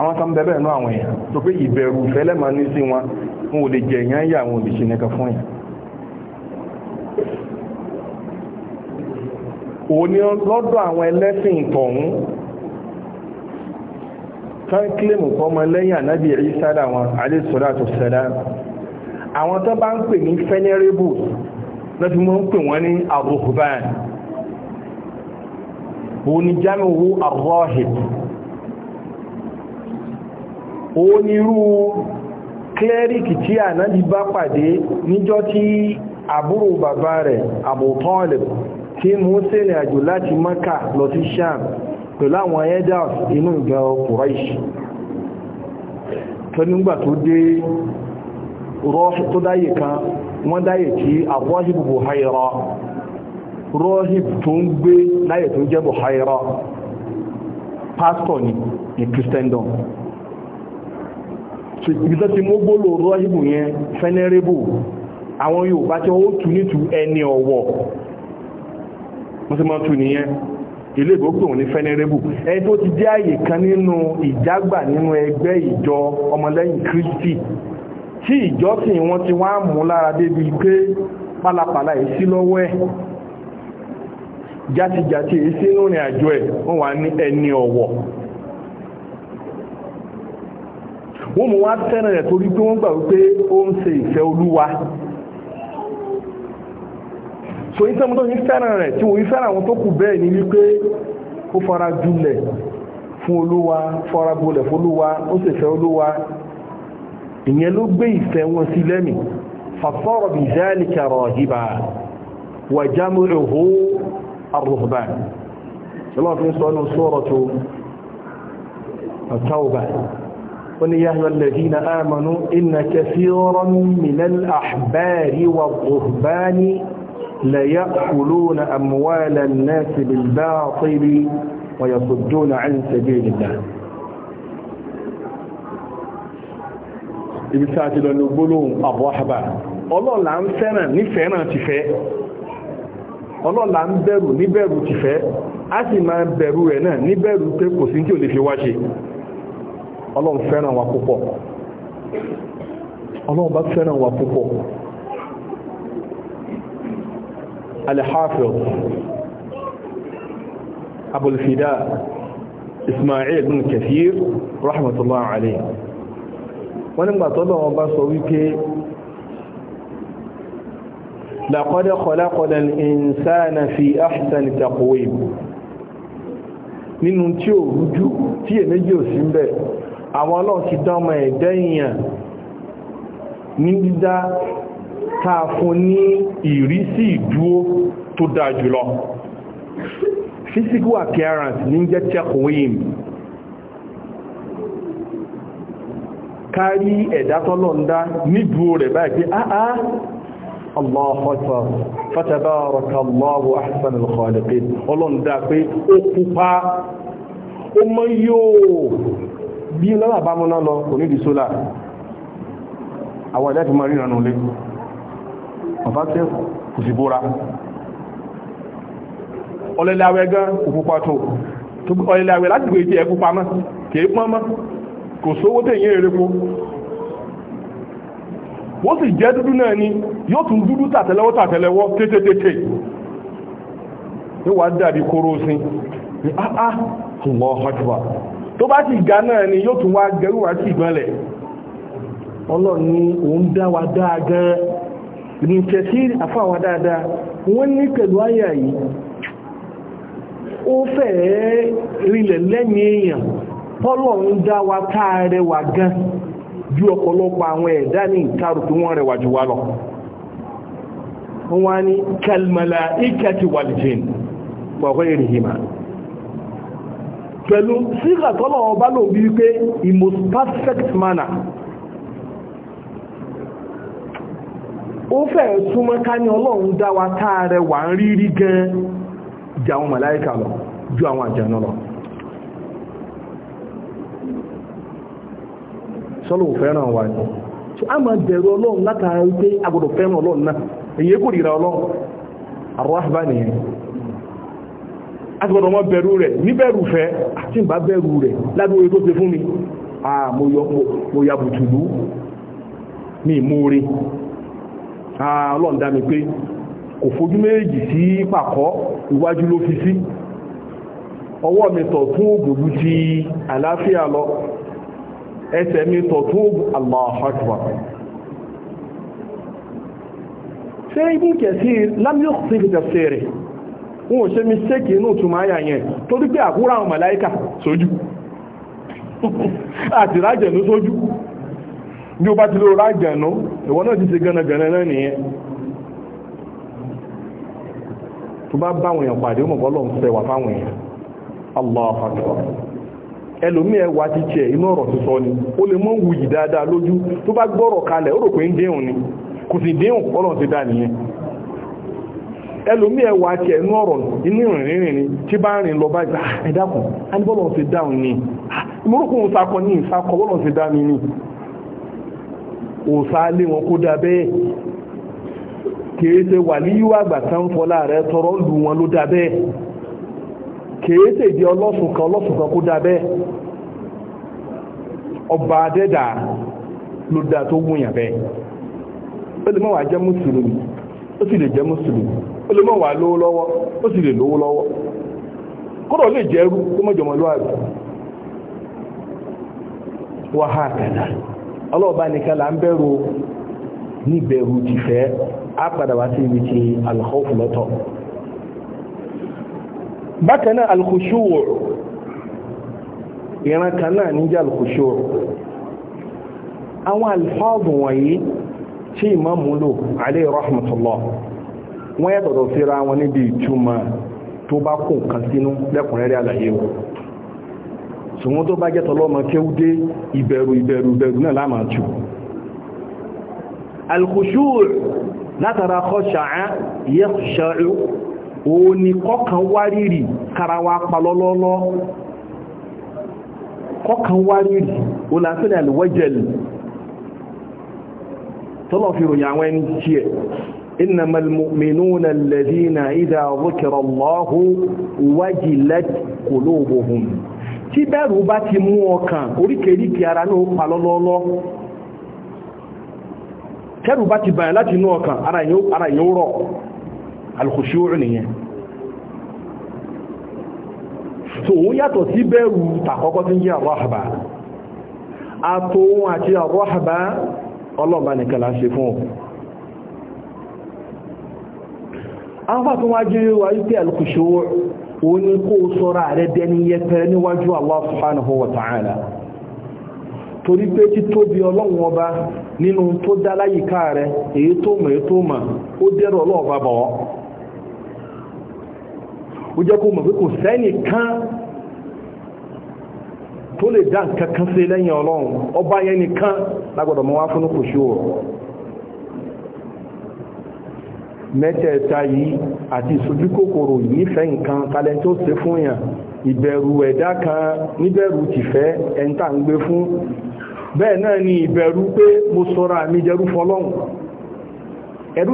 àwọn kan bẹ bẹ́ẹ̀ náà àwọn èèyàn tó pé ìbẹ̀rù fẹ́lẹ́ máa ní sí wọn wọn ò lè jẹ èèyàn yà wọn ò lè ṣe nǹkan fún yàn òun ni lọ́dọ̀ àwọn ẹlẹ́sìn tọ̀hún tán kílèmù kọmọ lẹ́yìn ànábì ìsádà wọn àdésọ́dà tó sẹ́dá àwọn tó bá ń pè ní fẹ́nẹ́rẹ́bù lọ́dún mọ́ ń pè wọ́n ní àbùkù báyìí òun ni jamiu arrohid òun ni irú klẹ́ríkì tí ànábì bá pàdé níjọ́ tí àbúrò bàbá rẹ̀ Abu Talib tí mú sílẹ̀ àjò láti Maka lọ sí Sham pẹ̀lú àwọn edas inú ìgbà Quraish tó nígbà tó dé rọ́ọ̀ṣì tó dáyè kan wọ́n dáyè tí àbúrò rọ́hìb tó ń gbé láyè tó ń jẹ́ buhaira pásítọ̀ ni ní christendom ibi tó ti mú gbólò rọ́hìb yẹn fẹ́nẹ́rẹ́bù àwọn Yorùbá tí ó tù nítù ẹni ọ̀wọ̀ wọ́n sì máa tù nìyẹn ilé ìgbókùn ní fẹ́nẹ́rẹ́bù ẹni tó ti jẹ́ àyè kan nínú ìjágbà nínú ẹgbẹ́ ìjọ ọmọlẹ́yìn Kristi tí ìjọsìn wọn ti wá mú lára débi pé pálapàla yìí sí lọ́wọ́ ẹ̀ játijàti ìsí ìrìn àjò ẹ̀ wọ́n wà ní ẹni ọ̀wọ̀ wọ́n mú wá fẹ́ràn rẹ̀ torí pé wọ́n gbà wípé ó ń ṣe ìfẹ́ olúwa so ìfẹ́ mú tó ní fẹ́ràn rẹ̀ tí wọ́n fẹ́ràn àwọn tó kù bẹ́ẹ̀ ni wípé ó fara jùlẹ̀ fún olúwa fara bolẹ̀ fún olúwa ó sì fẹ́ olúwa ìyẹn ló gbé ìfẹ́ wọn sí lẹ́mì fàfọ́rọ̀ bìí zálìkà rọ̀ hó الرهبان الله في سؤال سورة التوبة قل يا أهل الذين آمنوا إن كثيرا من الأحبار والرهبان ليأكلون أموال الناس بالباطل ويصدون عن سبيل الله ibi sáàtì lọ ní gbólóhùn àbọ̀ àbá ọlọ́ọ̀lá ń fẹ́ràn nífẹ̀ẹ́ràn ti fẹ́ ọlọ́la ń bẹ̀rù níbẹ̀rù ti fẹ́ a sì máa bẹ̀rù rẹ̀ náà níbẹ̀rù pé kò sí tí ò lè fi wá ṣe ọlọ́run fẹ́ràn wa púpọ̀ Ismail bin rahmatullahi alayhi wọ́n nígbà bá sọ wípé لقد خلقنا الإنسان في أحسن تقويم nínú tí ò rújú tí èméjì ò sí ń bẹ̀ àwọn ọlọ́run ti dánmọ̀ ẹ̀dẹ́ èèyàn ní dídá táa fún ní ìrísí ìdúó tó dáa jùlọ physical appearance ní jẹ́ tẹ́kùnwéyìn kárí ẹ̀dá tọ́lọ́ ń dá nídúó rẹ̀ báyìí pé áá الله أكبر فتبارك الله أحسن الخالقين ọlọ́run dáa pé ó pupa ó mọ́ yóò bí lọ́la bá mọ́ná lọ kò ní di sólà àwọn ìdájú máa ríran nulẹ̀ ọ̀fá tẹ́ kò sì bóra ọlẹ́láwẹ́ gan òpupa tó ọlẹ́láwẹ́ láti gbé ìdí ẹ̀kú pamọ́ kèé pọ́n mọ́ kò sówó tẹ̀yìn èrè po ó sì jẹ́ dúdú náà ni yóò tún dúdú tàtẹ́lẹ́wọ́ tàtẹ́lẹ́wọ́ tètètètè yóò wá dàbí kóró sí ní àá ọmọ ọjọ́wà tó bá ga náà ni yóò tún wá gẹrù wá sí ìgbọ́nlẹ̀ ọlọ́run ni dá wa dáa n'i pẹ̀lú àyà wa gan-an ju ọ̀pọ̀lọpọ̀ àwọn ẹ̀dá ní ìtàrù tí wọ́n rẹwà wá lọ wọ́n ni kalmala ikati waljin pọ̀kọ́ ìrìhìmá pẹ̀lú sígà ọba lò bí wípé in most perfect manner ó fẹ́ súnmọ́ ká ní ọlọ́run dá wa táà rẹwà ń rí rí gan ju àwọn lọ ju àwọn àjànà lọ sọ́lọ́ òfẹ́ràn wa ni a máa bẹ̀rù ọlọ́run látara wípé agbọ́dọ̀ fẹ́ràn ọlọ́run náà èyí kò ríra ọlọ́run àrọ́hàbá nìyẹn a ti gbọ́dọ̀ mọ́ bẹ̀rù rẹ̀ ní bẹ̀rù fẹ́ àti ìbá bẹ̀rù rẹ̀ lábẹ́ oye tó ṣe fún mi àà mo ya bùtùlú ní ìmúre àà ọlọ́run dá mi pé kò fojú méjì sí pàkọ́ iwájú ló fi sí ọwọ́ mi tọ̀ fún òbòlú ti àlàáfíà lọ ẹsẹ̀ mi tọ̀tún Allahu Akbar ṣe ibi kẹsí lámíọ̀ sí ìtẹ̀sẹ̀ rẹ̀ wọn ò ṣe mi ṣéèkì inú ìtumọ̀ ayà yẹn torí pé àkúrà àwọn màláíkà sójú àti rájẹ̀nú sójú ní o bá ti ló rájẹ̀nú ìwọ náà ti ṣe gánagànà náà nìyẹn tó bá báwọn èèyàn pàdé ó mọ̀ bọ́lọ̀ ń fẹ́ wà fáwọn èèyàn Allah akbar ẹlòmí ẹwà ti tiẹ̀ inú ọ̀rọ̀ sísọ ni ó lè mọ́ wuyì dáadáa lójú tó bá gbọ́rọ̀ kalẹ̀ ó rò pé ń déhùn ni kò sì déhùn ọlọ́run ti dá nìyẹn ẹlòmí ẹwà ti ẹnu ọ̀rọ̀ inú ìrìnrìn ni tí bá rìn lọ báyìí ah, ẹ̀dàkùn ni ìmúrùkùn ah, òsàkọ ní ìsàkọ bọ́lọ̀ ti dá mi ni òsà lé wọn kó dá bẹ́ẹ̀ kìí ṣe wà níyíwá àgbà tán fọlá rẹ tọrọ kèé tèdè ọlọ́sùn kan ọlọ́sùn kan kó dá ọba adẹ́dà ló dá tó wúyàn bẹ́ẹ̀ ó lè jẹ́ mùsùlùmí ó sì lè jẹ́ mùsùlùmí ó lè má wà lówó lọ́wọ́ ó sì lè lówó lọ́wọ́ lè jẹ́ ẹrú kó lọ́wọ́ kàdà ọlọ́ọ̀bá nìkan ń bẹ̀rù níbẹ̀rù á padà wá sí ibi ti bákan náà alkhushuwò ìran kan náà níjẹ́ alkhushuwò àwọn alfáàbù wọ̀nyí tí ìmáàmù lò alayhi rahmatullah wọ́n yàtọ̀tọ̀ síra wọn níbi ìtumọ̀ tó bá kó nǹkan sínú lẹ́kùnrẹ́rẹ́ àlàyé wọn ṣùgbọ́n tó bá jẹ́tọ̀ lọ́mọ kéúdé ìbẹ̀rù ìbẹ̀rù ìbẹ̀rù náà láàmà jù alkhushuwò látara khasha'a yakhsha'u òun ni kọ́kàn wárìrì karawa palọ́lọ́lọ́ kọ́kàn wárìrì òun là ń sẹ́lẹ̀ àlùwẹ́jẹ̀lì tọ́lọ̀ fi ròyìn àwọn ẹni tí ẹ̀ إنما المؤمنون الذين إذا ذكر الله وجلت قلوبهم tí bẹ̀rù bá ti mú ọkàn oríkèríkè ara náà pa lọ́lọ́lọ́ bá ti bàyàn láti inú ọkàn ara yóò alùkùsùrù nìyẹn tòun yàtọ̀ sí bẹ̀rù tàkọ́kọ́ tí ń jẹ́ àrọ́hàbá àtòun àti àrọ́hàbá ọlọ́ọ̀bá nìkan la ṣe fún àwọn tó wá wà ní pé ni kó sọ́ra rẹ̀ dẹni yẹpẹ níwájú Allah subhanahu tó tó tó o jẹ́ kó mọ̀ pé kò sẹ́nìkan tó lè dá nǹkan kan sí lẹ́yìn ọlọ́run ọba yẹn nìkan lágbọ́dọ̀ mọ́ wá fún kò ṣe òrò mẹ́tẹ̀ẹ̀ta yìí àti ìsojú kòkòrò ìnífẹ́ nǹkan talent tó ṣe fún yàn ìbẹ̀rù ẹ̀dá kan níbẹ̀rù ń gbé fún bẹ́ẹ̀ náà ni ìbẹ̀rù pé mo sọ́ra mi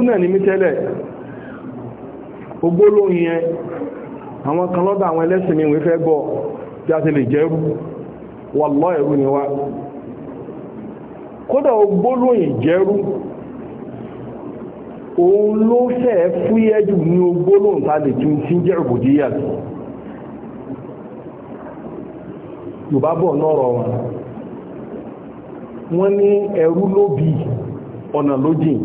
náà ni mí tẹ́lẹ̀ yẹn àwọn kan lọ́dọ̀ àwọn ẹlẹ́sìn mi wọ́n fẹ́ gbọ́ bí a ti lè jẹ́rú wàlọ́ ẹ̀rú ni wá kódà ogbólóyìn jẹ́rú òun ló fẹ́ fúyẹ́ jù ní ogbólóhùn ta lè tún tí ń jẹ́ ìbòjíyà sí yorùbá bọ̀ náà rọ̀ wọn wọ́n ní ẹrú lóbi ọ̀nà lójìn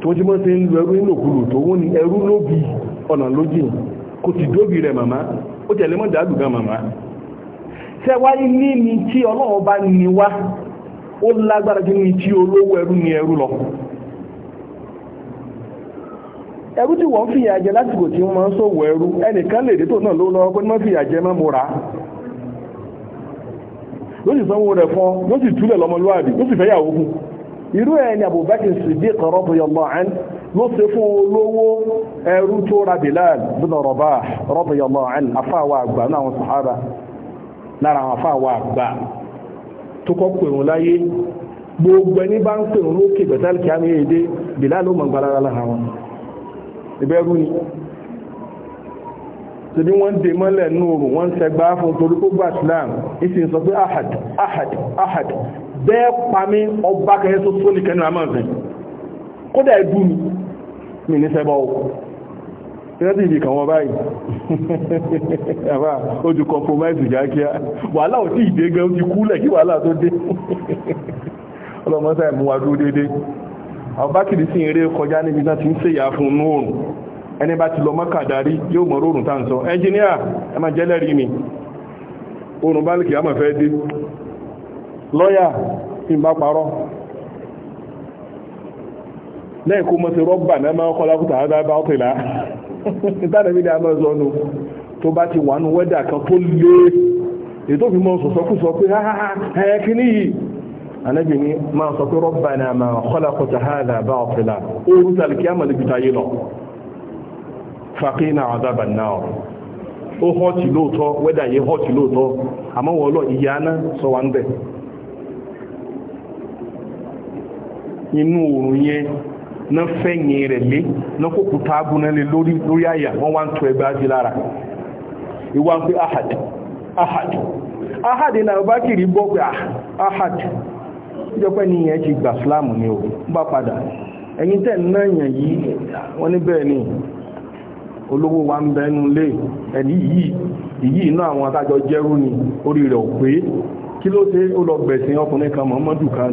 tó jí mọ́ sí ń lu ẹrú ìlòkulò tó wọ́n ni ẹrú lóbi ọ̀nà lójì kò sì dóbi rẹ̀ màmá ó tẹ̀lé mọ́ dàálù gan màmá tẹ́ ní ni tí ọlọ́run bá ní wá ó lágbára ní tí olówó ẹrú ni ẹrú lọ ẹrú tí wọ́n lásìkò tí wọ́n máa ń ẹrú ẹnìkan lè dé tó náà ló pé wọ́n sì sanwó rẹ̀ sì túlẹ̀ irú ẹ̀ ni abubakar siddiq radiyallahu anhu ló ṣe fún olówó ẹrú tó ra bilal bin rabah radiyallahu anhu afáwa àgbà náà àwọn sàhábà lára àwọn afáwa àgbà tó kọ́ pè wọn láyé gbogbo ẹni bá ń pè wọn lókè bẹ̀tẹ́lì kí á ní èdè bilal ló mọ̀ gbára lára wọn ìbẹ̀rù ni tẹbi wọn dè mọ́lẹ̀ nùrù wọn sẹgbà fún torí kó gba bẹ́ẹ̀ pàmí ọba kẹrẹ tó tó nìkẹ́ nìra mọ́sìn kódà ẹ̀dù mi ní sẹ́bọ̀ ìrẹ́sì ìdí kan wọ́n báyìí ó ju compromise jákíá wàhálà ò tí ìdé gan ó ti kúlẹ̀ kí wàhálà tó dé ọlọ́mọ́sá ẹ̀mú wa dúró dédé àbákìrì sí eré kọjá níbi náà ti ń ṣèyà fún un oòrùn ẹni bá ti lọ mọ́kà darí yóò mọ̀ oòrùn tá à ń sọ ẹnjíníà ẹ máa jẹ́lẹ́rìí mi oòrùn bá lè kìí àmọ̀ fẹ́ dé lọ́yà ìbá parọ́ lẹ́ẹ̀kú mọ́ sí rọ́bà náà máa kọ́lá kúta àdábá ọ̀tẹ̀lá ìtàdàbídà náà zọ́nu tó bá ti wà wẹ́dà kan tó lé mọ́ sọ pé inú òòrùn yẹn ná fẹ̀yìn rẹ̀ lé ná kó kúta agúnálẹ̀ lórí lórí àyà wọ́n wá ń tọ ẹgbẹ́ ájí lára ìwá ń pé ahad ahad ahad ní àbákìrí gbọ́ pé ah, ahad ìjọpẹ́ ìyẹn ti gbà ni ò bá padà ẹ̀yìn tẹ̀ náà yàn yìí wọ́n ní ni olówó wa ń bẹnu lé ẹni yìí ìyí iná àwọn jẹ́rú ni orí rẹ̀ ò pé kí ló ṣe ó lọ gbẹ̀sìn ọkùnrin kan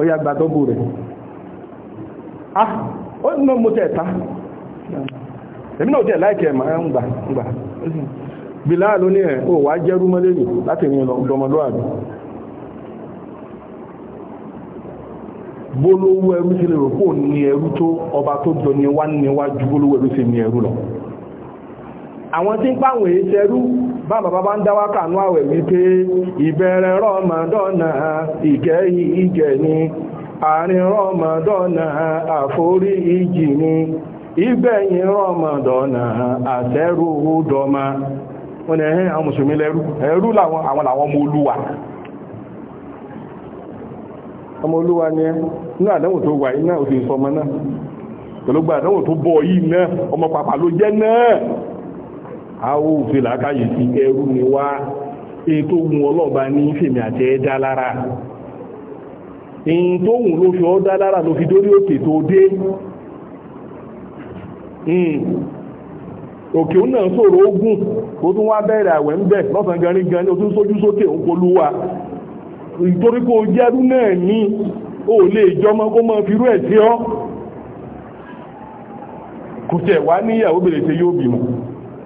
Oya, yá gba ah ó ní mo tẹ̀ ta èmi náà tẹ̀ láìkẹ̀ mà ń gbà ń gbà Bilal ní ẹ̀ ó wàá jẹ́rú mọ́lẹ́lì láti rìn lọ dọmọlúwàbí bólówó ẹrú sílẹ̀ rò kó ní ẹrú tó ọba tó jọ ní wá níwájú bólówó ẹrú sí ní ẹrú lọ àwọn tí ń pàwọn èyí ṣẹrú bá bàbá ń dá wákà ní àwẹ̀ wípé ìbẹ̀rẹ̀ rọ́mọdọ́nà ìgẹ́ ìjẹ ni àárín àforí ìjì ni ìgbẹ̀yìn rọ́mọdọ́nà àtẹ́rù dọ́mà wọ́n ni ẹ̀hẹ́ àwọn mùsùlùmí lẹ́rú ẹ̀rú làwọn àwọn ọmọ olúwa ọmọ olúwa ni ní àdánwò tó wà náà pẹ̀lú gbà àdánwò tó bọ̀ yìí ọmọ pàpà ló jẹ́ náà àwọ òfin làákàyè sí ẹrú ni wá ètò ohun ọlọ́ọ̀bá ní fèmí àti ẹ̀dá lára èyí tó hùn ló fi ọ́dá lára ló fi dórí òkè tó dé hmm. òkè òun náà sọ̀rọ̀ ogun ó tún wá bẹ̀rẹ̀ àwẹ̀ ń bẹ̀ lọ́sàn ganin ganin ó tún sójú sókè òun kò lúwa ìtorí kó jẹ́rú náà ní ó lè jọmọ kó mọ fi rú ẹ̀ sí ọ kò tẹ̀ wá níyàwó bèrè ṣe yóò bímọ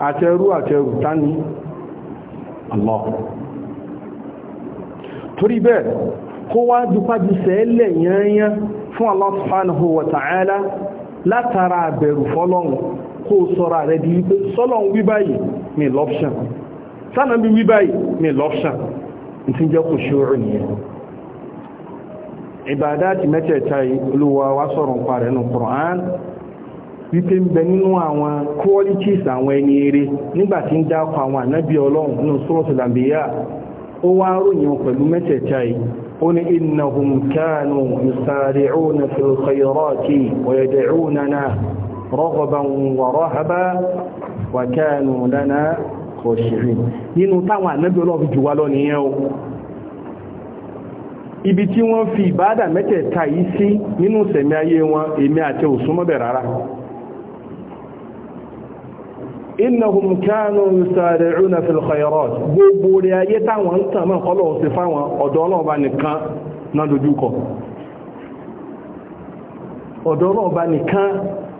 àtẹrú àtẹrù tání Allah torí bẹ́ẹ̀ kó wá dúpájú sẹ́ẹ̀lẹ̀ yányán fún Allah subhanahu wa ta'ala látara àbẹ̀rù fọ́lọ́run kó sọ́ra rẹ̀ di wípé sọ́lọ́run wí báyìí mi lọ́pṣàn sánà mẹ́tẹ̀ẹ̀ta yìí olúwa wá sọ̀rọ̀ parẹ̀ nù Qur'an wípé ń bẹ nínú àwọn qualities àwọn ẹni eré nígbà tí ń dákọ̀ àwọn ànábì ọlọ́run nínú suratul anbiya ó wá ròyìn pẹ̀lú mẹ́tẹ̀ẹ̀ta yìí ó ní innahum kanu yusari'una fil khayrati wa yad'unana raghaban wa rahaban wa kanu nínú táwọn ànábì ọlọ́run jù wá lọ nìyẹn o ibi tí wọ́n fi ìbádà mẹ́tẹ̀ẹ̀ta yìí sí nínú sẹ̀mí ayé wọn èmi àti òsúnmọ́bẹ̀ rárá innahum kanu yusari'una fil khayrat gbogbo rẹ̀ ayé táwọn ń tàn mọ́ kọ́lọ̀ sí fáwọn ọ̀dọ̀ ọlọ́ọ̀bá nìkan náà dojúkọ ọ̀dọ̀ ọlọ́ọ̀bá nìkan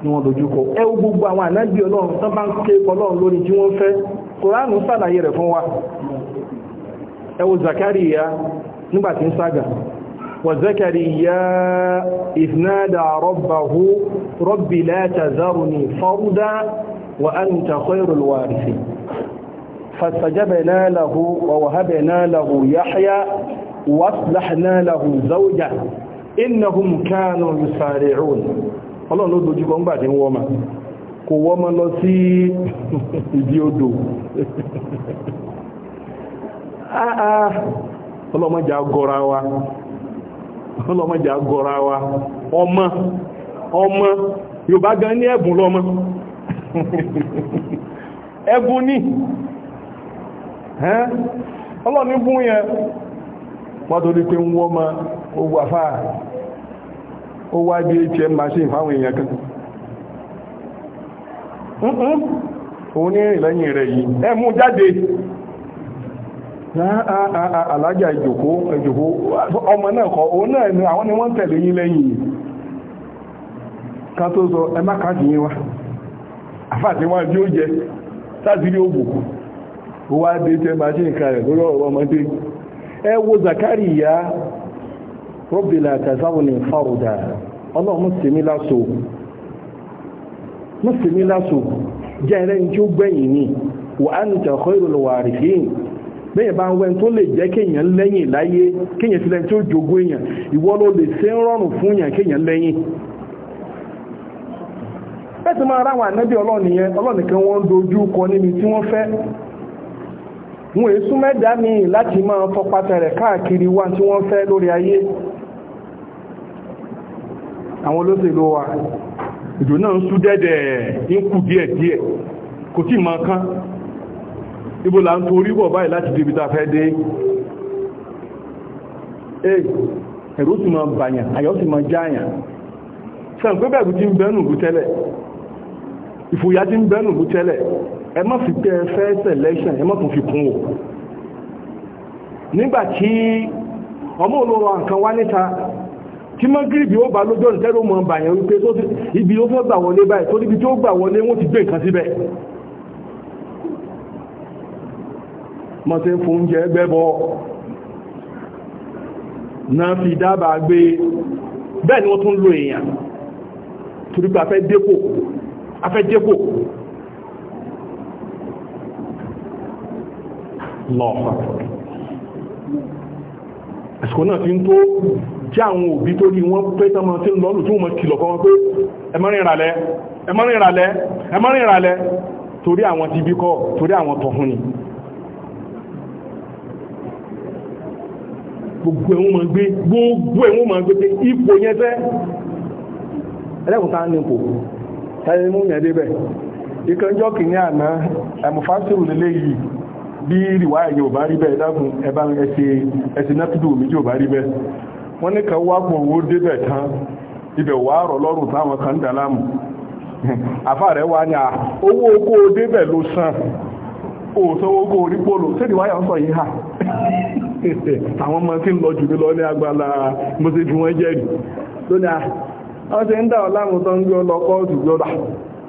ni wọ́n dojúkọ ẹ wo gbogbo àwọn ànábì ọlọ́run tán bá ń ké ọlọ́run lórí tí wọ́n fẹ́ kòránù sàlàyé rẹ̀ fún wa ẹ wo zakariya nígbàtí ń sága وزكريا إذ نادى ربه رب لا تذرني فردا وأنت خير الوارثين فاستجبنا له ووهبنا له يحيى واصلحنا له زوجة إنهم كانوا يسارعون الله لو دوجي بعد بعدين وما kò wọ́n mọ́ lọ sí ìdí odò àà ọlọ́mọjà gọ́ra wa ọlọ́mọjà gọ́ra wa ọmọ ọmọ Yorùbá gan ní ẹ̀bùn ẹbú ní ọlọ́ni bú yẹn wọ́n pé ń wọ́n ma owó wá bí machine fáwọn èèyàn kan òun ní lẹ́yìn rẹ̀ yìí ẹ mú jáde alájà ìjòkó ìjòkó ọmọ náà kọ òun náà ni àwọn ni wọ́n tẹ̀lé yìí lẹ́yìn tó sọ ẹ má káàkiri wá àfáàtí wọ́n o ó jẹ láti rí ògbò ó wá dé tẹ́ máa ṣe nǹkan rẹ̀ lórí ọ̀rọ̀ ọmọdé wo Zakariya ya tàzáwọnì fáwọ̀dà ọlọ́run sèmi ni bá ń wẹ́n tó lè jẹ́ lẹ́yìn láyé sílẹ̀ tí ó jogún ló lè ẹ̀sì máa ráwọn ànábì ọlọ́nìyẹn ọlọ́nìkan wọ́n dojú kọ níbi tí wọ́n fẹ́ wọn èsú mẹ́dá mi láti máa fọpasẹ̀ rẹ̀ káàkiri wá tí wọ́n fẹ́ lórí ayé àwọn olóṣèlú wa ìjò náà ń sú dẹ́dẹ̀ ń kù díẹ̀ kò tí máa kán ibo là ń torí bọ̀ báyìí láti débi tá a fẹ́ dé ẹ̀rọ sì máa bàyàn àyọ́ sì máa jáàyàn sẹ́ǹpẹ́bẹ̀rù ti ń bẹ́nu ìlú tẹ́lẹ̀ ìfòyà tí ń bẹ́nu mú tẹ́lẹ̀ ẹ má fi pé ẹ fẹ́ selection ẹ má tún fi kún o nígbà tí ọmọ olóró nǹkan wá níta tí mọ́ gíríbì ó bá lójọ́ ìtẹ́rù mọ́ bàyàn wípé tó ibi ó fẹ́ gbà wọlé báyìí tó níbi tí ó gbà wọlé wọ́n ti gbé nǹkan síbẹ̀ mọ́ sí fún oúnjẹ gbẹ́bọ náà fi dábàá gbé bẹ́ẹ̀ ni wọ́n tún lo èèyàn torípa fẹ́ dépò afẹ́ dépò lọ́ọ̀fà àsìkò náà ti ń tó jẹ́ àwọn òbí tó ní wọ́n pẹ́ tán máa tí ń lọ́lù tí wọ́n máa kìlọ̀ fọ́n pé ẹ má rìn ìràlẹ̀ ẹ má rìn ìràlẹ̀ ẹ má rìn ìràlẹ̀ torí àwọn ti bí kọ́ torí àwọn tọ̀hún ni gbogbo ẹ̀wọ̀n máa gbé gbogbo ẹ̀wọ̀n máa gbé ipò yẹn fẹ́ ẹlẹ́kùn tá ní táyé mú yẹn débẹ̀ ìkànjọ́ kìíní àná ẹ̀mùfásírù lélẹ́ yìí bí ìrìwá ẹ̀yẹ ò bá rí bẹ́ẹ̀ dákun ẹ̀bá ẹ̀sìn nápídù méjì ò bá rí bẹ́ẹ̀ wọ́n ní kan pọ̀ owó débẹ̀ tán ibẹ̀ wà san Ọ ṣe ń dà láàmú tán gbé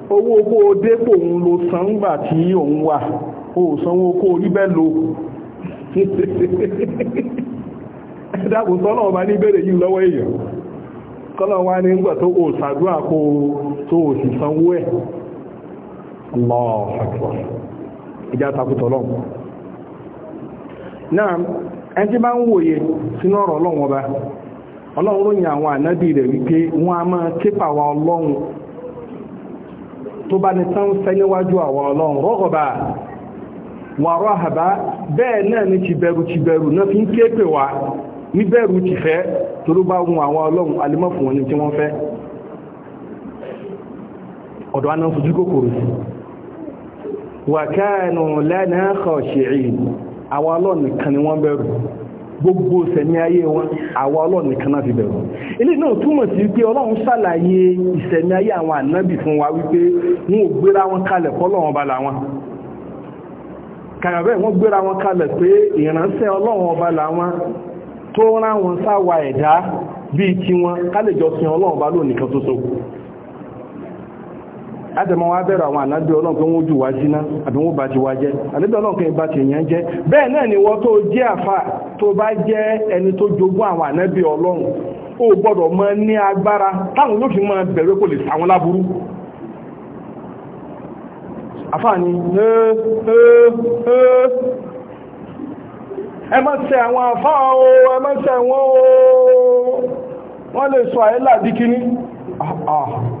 owó owó dépò òun ló san ńgbà tí òun wà ó sanwó kó orí bẹ́ẹ̀ lò dákùn ọba ní bẹ̀rẹ̀ yìí lọ́wọ́ èèyàn kọ́nà wá ní ńgbà tó òsàdúrà kó tó òsì sanwó ẹ̀ ọlọ́run ròyìn àwọn ànábì rẹ̀ wípé wọ́n a máa képa wa ọlọ́run tó bá ní tán fẹ́ níwájú àwọn ọlọ́run rọ́gọ̀bà wà rọ́hàbá bẹ́ẹ̀ náà ní ti bẹ̀rù ti bẹ̀rù náà fi ń képe wa ní bẹ̀rù ti fẹ́ toró bá wù àwọn ọlọ́run alimọ́fún wọn ni tí wọ́n fẹ́ ọ̀dọ̀ aná fojú kòkòrò sí wà káànù lẹ́nà kọ̀ọ̀ṣì àwọn ọlọ́run nìkan ni wọ́n bẹ̀rù gbogbo ìsẹ̀mí ayé wọn àwa ọlọ́run nìkan náà fi bẹ̀rù ilé náà túmọ̀ sí wípé ọlọ́run ṣàlàyé ìsẹ̀mí ayé àwọn ànábì fún wa wípé wọn ò gbéra wọn kalẹ̀ fọlọ́run ọba làwọn kàyọ̀bẹ́ wọn gbéra wọn kalẹ̀ pé ìránṣẹ́ ọlọ́run ọba làwọn tó rán wọn sáwà ẹ̀dá bíi tiwọn kálẹ̀jọ́sìn ọlọ́run ọba lónìí kan ṣoṣo àtẹ̀mọ́ wa bẹ̀rẹ̀ àwọn ànábì ọlọ́run pé wọ́n jù wá àbí wọ́n bá ti wá jẹ́ ọlọ́run pé ti yàn jẹ́ bẹ́ẹ̀ náà ni wọ́n tó jẹ́ àfà tó bá jẹ́ ẹni tó jogún àwọn ànábì ọlọ́run ó gbọ́dọ̀ máa ní agbára táwọn yóò fi kò lè wọ́n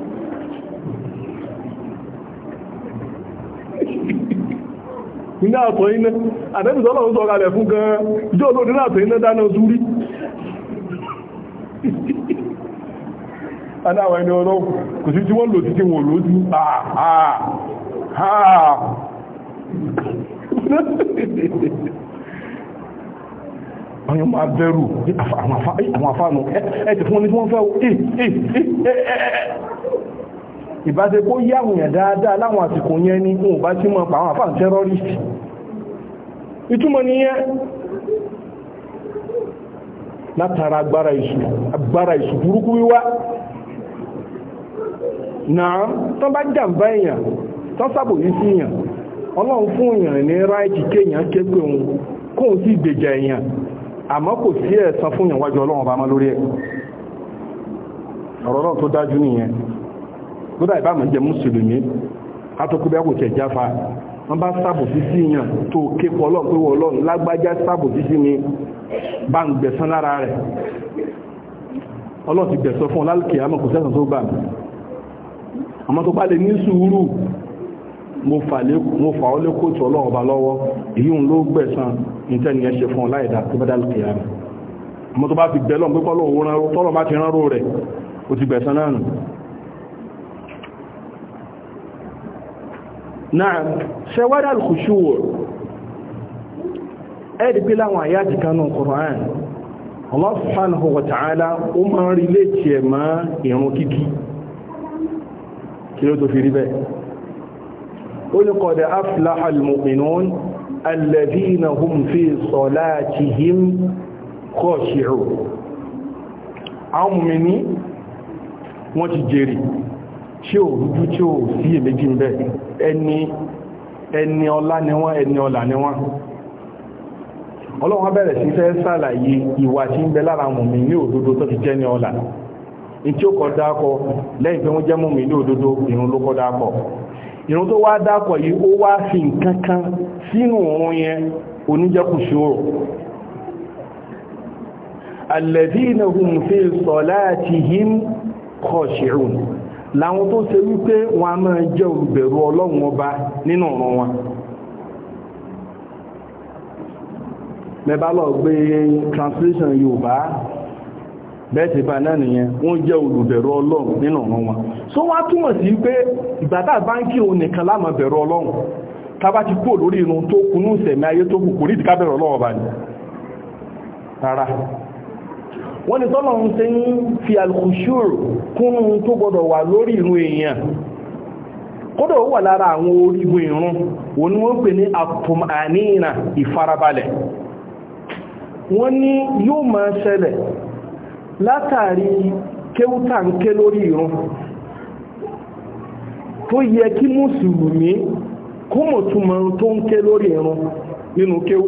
nínú àtọ̀ iná àdẹ́bìsọ́lọ́ ń sọ̀rọ̀ rẹ̀ fún gan jẹ́ olóòdí látọ̀ iná dáná zúrí adáwọ̀ ẹni ọ̀rọ̀ kò sí tí wọ́n lò títí wọ́n lò sí àwọn máa bẹ̀rù àwọn àfáànù ẹ̀ ti fún ní wọ́n fẹ́ ìbáṣe kó yí àwọn dáadáa láwọn àsìkò yẹn ni wọn ò bá tí mọ̀ pa àwọn àfáà terrorist ìtumọ̀ nìyẹn látara agbára ìṣù agbára ìṣù burúkú wíwá náà tán bá jàǹbá èèyàn tán sábò yí sí èèyàn ọlọ́run fún èèyàn ní ráìtì kéèyàn ké pé òun kóun sí ìgbèjà èèyàn àmọ́ kò sí ẹ̀san fún èèyàn wájú ọlọ́run ọba mọ́ lórí ẹ̀ ọ̀rọ̀ náà tó dájú nìyẹn kódà ìbámu jẹ́ mùsùlùmí atọ́kùnbẹ́ kò tẹ̀ jáfa wọ́n bá sábò sísí yàn tó kékọ́ ọlọ́run pé wọ́n ọlọ́run lágbájá sábò sísí ni bá ń gbẹ̀sán lára rẹ̀ ọlọ́run ti gbẹ̀sán fún ọlálùkì àmọ́ kò sẹ́sàn tó gbà mí àmọ́ tó bá lè ní sùúrù mo fà ó lé kóòtù ọlọ́run ọba lọ́wọ́ èyí ń ló gbẹ̀sán ìtẹ́ni ẹ̀ ṣe fún ọláìdá tó bá dálùkì àmọ́ àmọ́ tó bá ti bẹ̀ lọ́n pé kọ́lọ́ náà ṣẹwádà alkhushuwò ẹ̀dì bí láwọn àyájì kanú Qur'an Allah subhanahu wa ta'ala ó máa ń rí léèkì ẹ̀ mọ́ ìrun kíkí kí ló tó fi rí bẹ́ẹ̀ ó ní qad aflaha al-mu'minun alladhina hum fi salatihim khashi'un àwọn mùmìnì wọ́n ti jèrè tí ò rújú tí ò sí èméjì ń bẹ ẹni ẹni ọlá ni wọ́n ẹni ọlà ni wọ́n ọlọ́wọ́n bẹ̀rẹ̀ sí fẹ́ sàlàyé ìwà tí ń bẹ lára mùmí ní òdodo tó ti jẹ́ ní ọlà ní tí ó kọ dákọ lẹ́yìn pé wọ́n jẹ́ mùmí ní òdodo ìrun ló kọ dákọ ìrun tó wá dákọ yìí ó wá fi nǹkan kan sínú òun yẹn oníjẹ́kùsùrò alladhina hum fi salatihim khashi'un làwọn tó ṣe wípé wọn a máa jẹ́ olùbẹ̀rù ọlọ́run ọba nínú ọ̀ràn wọn mẹ́bá lọ gbé translation yorùbá bẹ́ẹ̀ ti bá náà nìyẹn wọ́n jẹ́ olùbẹ̀rù ọlọ́run nínú ọ̀ràn wọn so wọ́n á túmọ̀ sí pé ìgbàdá báńkì òun nìkan láàmà bẹ̀rù ọlọ́run tábà ti kúrò lórí irun tó kunú ìsẹ̀mí ayé tó kù kò ní ìdíkábẹ̀rù ọlọ́run ọba ni rárá wọ́n ni tọ́lọ̀ ń ṣe ń fi alkùsùrù kún un tó gbọdọ̀ wà lórí ìrun èèyàn kódò wà lára àwọn orígun ìrun wọ́n ni wọ́n pè ní àtùmàníìnà ìfarabalẹ̀ wọ́n ní yóò máa ṣẹlẹ̀ látàrí kéwútàǹké lórí ìrun tó yẹ kí mùsùlùmí kó tó ń ké lórí ìrun nínú kéwú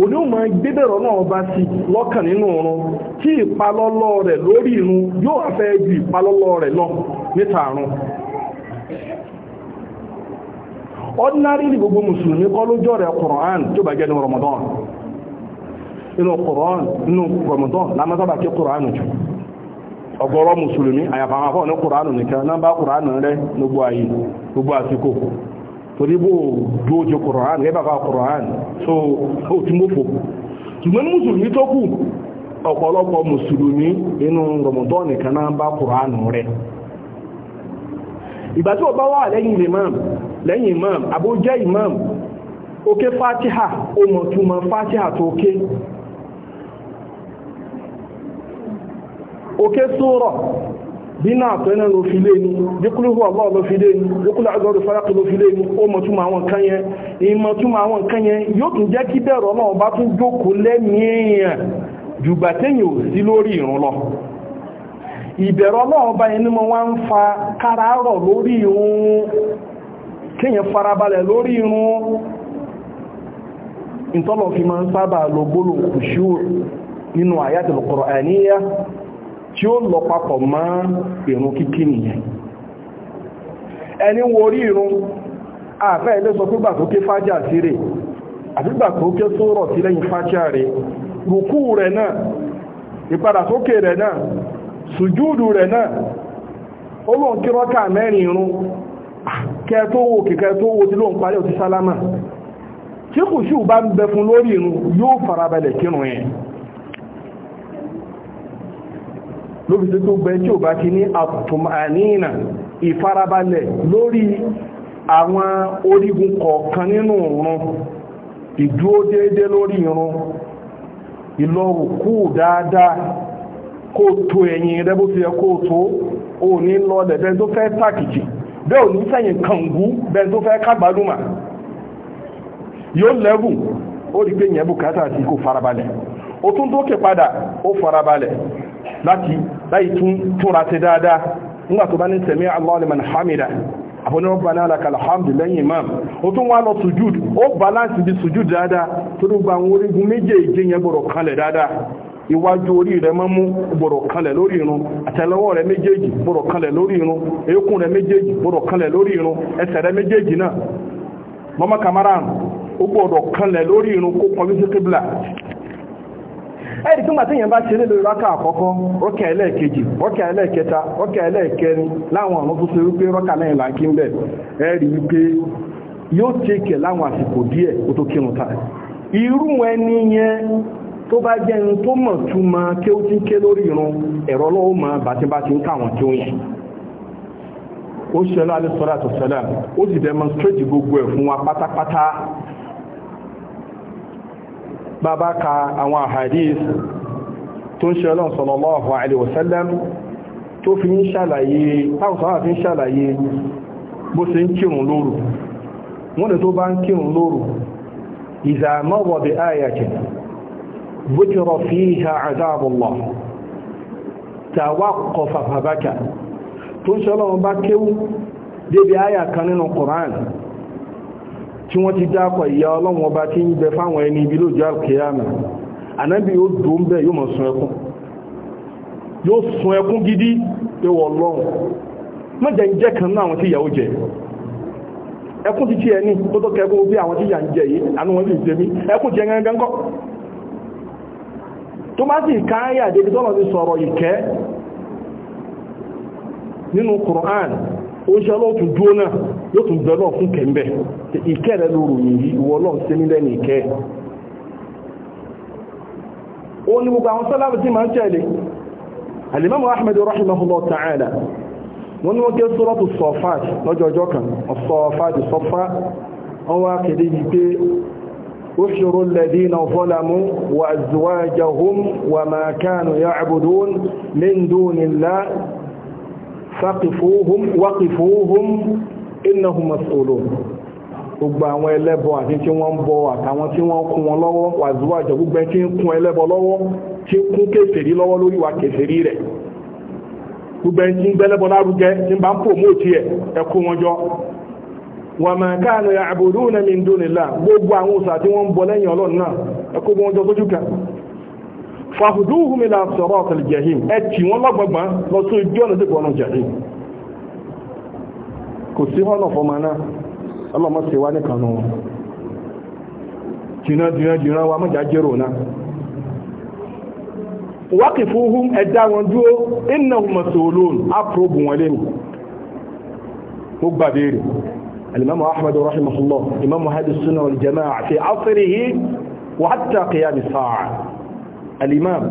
òní ò máa gbébẹ̀rọ náà bá ti lọ́kàn nínú ọ̀run kí ìpalọ́lọ́ rẹ̀ lórí irun yóò afẹ́ ju ìpalọ́lọ́ rẹ̀ lọ níta àrùn ordinary ni gbogbo musulmi kọ́ lójọ́ rẹ̀ Qur'an tó bá jẹ́ Ramadan inú Qur'an inú Ramadan lámọ́sábà kí Qur'an jù ọ̀gọ̀rọ̀ musulmi àyàfàwọn ní Qur'an nìkan náà bá Qur'an rẹ̀ gbogbo àyè gbogbo àsìkò torí bó dójú kùrán gẹ́bàbà kùrán so ó ti mọ́fò ṣùgbọ́n mùsùlùmí tó kù ọ̀pọ̀lọpọ̀ mùsùlùmí inú rọmọdọ́nì kan náà bá kùrán rẹ̀ ìgbà tí ó bá wà lẹ́yìn imam lẹ́yìn imam abójẹ́ imam òkè fatiha ó mọ̀ túnmọ̀ fatiha tó ké òkè sóòrọ̀ bínú àpẹẹrẹ ló fi lé ní díkúlùhù Allah ló fi lé ní díkúlù àgọ́rù farakì ló fi lé ní ó mọ̀túnmọ̀ àwọn nǹkan yẹn ìmọ̀túnmọ̀ àwọn nǹkan yẹn yóò tún jẹ́ kí bẹ̀rù Ọlọ́run bá tún jókòó lẹ́mìí jùgbà téèyàn ò sí lórí ìrun lọ ìbẹ̀rù Ọlọ́run bá yẹn ni mo ń fa káràárọ̀ lórí ìrun kéèyàn farabalẹ̀ lórí ìrun ìtọ́lọ̀ fi máa ń sábà lọ gbólóhùn kùsùr tí ó lọ papọ̀ mọ́ ìrun kíkí nìyẹn ẹni wo orí ìrun àfẹ́ ilé sọ pígbà tó ké fájá sí rẹ̀ àfígbà tó ké sórọ̀ sí lẹ́yìn fájá rẹ̀ rùkú rẹ̀ náà ìpadà rẹ̀ náà sùjúdù rẹ̀ náà ó lóun kí rọ́kà mẹ́rin ìrun kẹtówó kẹtówó tí parí sálámà tí kù sí ò bá ń bẹ fún lórí lóbi tó tó bẹ tí ò bá ti ní àtùmàníìnà ìfarabalẹ̀ lórí àwọn orígun kọ̀ọ̀kan nínú ìrun ìdúó déédé lórí ìrun ìlọrù kú dáadáa kó tó ẹ̀yìn rẹ bó tó ò ní tó fẹ́ bẹ́ẹ̀ ò ní sẹ́yìn kàngú bẹ́ẹ̀ tó fẹ́ kágbádùnmà yóò ó rí láti láì tún túnra sí dáadáa nígbà tó bá ní sẹ̀mí Allahu liman hamida àwọn rabbana lakal hamdu lẹ́yìn imam ó tún wá lọ sujúd ó balance bí sujúd dáadáa tó ló gba àwọn orígun méjèèjì yẹn gbọ́dọ̀ kanlẹ̀ dáadáa iwájú orí mọ́ mú kanlẹ̀ lórí irun àtẹ́lẹwọ́ rẹ̀ méjèèjì gbọ́dọ̀ kanlẹ̀ lórí irun eékún méjèèjì kanlẹ̀ lórí irun ẹsẹ̀ rẹ̀ méjèèjì náà mọ́mọ́ kamara ó kanlẹ̀ lórí irun kó ẹ̀rí tó màtí yẹn bá ṣe nílò rákà àkọ́kọ́ rọ́kà ẹlẹ́ẹ̀kejì rọ́kà ẹlẹ́ẹ̀kẹta rọ́kà ẹlẹ́ẹ̀kẹrin láwọn ọ̀nà tó wípé rọ́kà náà là ń kí ń bẹ̀ ẹ̀rí wípé yóò tẹ́kẹ̀ láwọn àsìkò díẹ̀ ó tó kírun ta irú ẹni yẹn tó bá jẹ́ ẹni tó mọ̀ kí ó ti ké lórí irun ẹ̀rọ lọ́wọ́ bá ti ń ó ṣẹlẹ̀ alẹ́ sọ́dọ̀ àtọ̀sẹ́lẹ̀ ó sì demonstrate gbogbo ẹ̀ fún wa pátápátá bàbá ka àwọn àhàdís tó ń ṣe ọlọ́run sallallahu alaihi wasallam tó fi ń ṣàlàyé táwọn sọ́wà fi ń ṣàlàyé bó ṣe ń kírun lóru wọ́n lè tó bá ń kírun lóru ìzàmọ́wọ̀ bí ayatin bukira fiha azabullah tawaqqafa fabaka tó ń ṣe ọlọ́run bá kéwú débi áyà kan nínú Qur'an tí wọ́n ti dákọ̀ ìyá ọlọ́run ọba tí ń bẹ fáwọn ẹni ibi lójú alkiyama ànábì yóò dò ń bẹ yóò mọ̀ sun ẹkún yóò sun ẹkún gidi pé wọ ọlọ́run mọ́jẹ̀ ń jẹ́ kan náà àwọn tí jẹ ẹkún ti tí ẹni tó tó kẹ́kún bí àwọn tí ìyà ń jẹ yìí àánú wọn lè jẹ mí jẹ gangan kọ́ tó má sì ti sọ̀rọ̀ oúnjẹ ọlọ́tún dúó náà yóò tún bẹ̀rẹ̀ náà fún kẹ̀m̀bẹ̀ ìkẹ́ rẹ̀ ló ròyìn yìí ìwọ náà sí nílẹ̀ ní ìkẹ́ ó ní gbogbo àwọn sọ́lábù tí máa ń tẹ̀lé alimami ahmed rahimahullah ta'ala wọ́n ní faqifuhum waqifuhum innahum mas'ulun gbogbo àwọn ẹlẹ́bọ àti tí wọ́n ń bọ àtàwọn tí wọ́n kún wọn lọ́wọ́ wàzúwà jọ gbogbo tí ń kún ẹlẹ́bọ lọ́wọ́ tí ń kún kèfèrí lọ́wọ́ lórí wa kèfèrí rẹ̀ gbogbo tí ń gbẹ́lẹ́bọ lárugẹ tí ń bá ń promote ẹ̀ ẹ kó wọn jọ wa ma kanu ya'buduna min dunillah gbogbo àwọn òsà tí wọ́n ń bọ lẹ́yìn ọlọ́run náà ẹ kó wọn jọ sójú kan fàhùdúhùn ilà sọ̀rọ̀ ọ̀tẹ̀lẹ̀ jẹ̀hìn ẹ tì wọ́n lọ́gbọ̀gbọ̀n lọ sí ojú ọ̀nà dìbò ọ̀nà jẹ̀hìn kò sí ọ̀nà fọmọ náà ọlọ́mọ sí wá ní kanú wọn jìnnà jìnnà jìnnà wa mọ́jà jẹ́rò náà wákìfúhùn ẹ̀dá alimam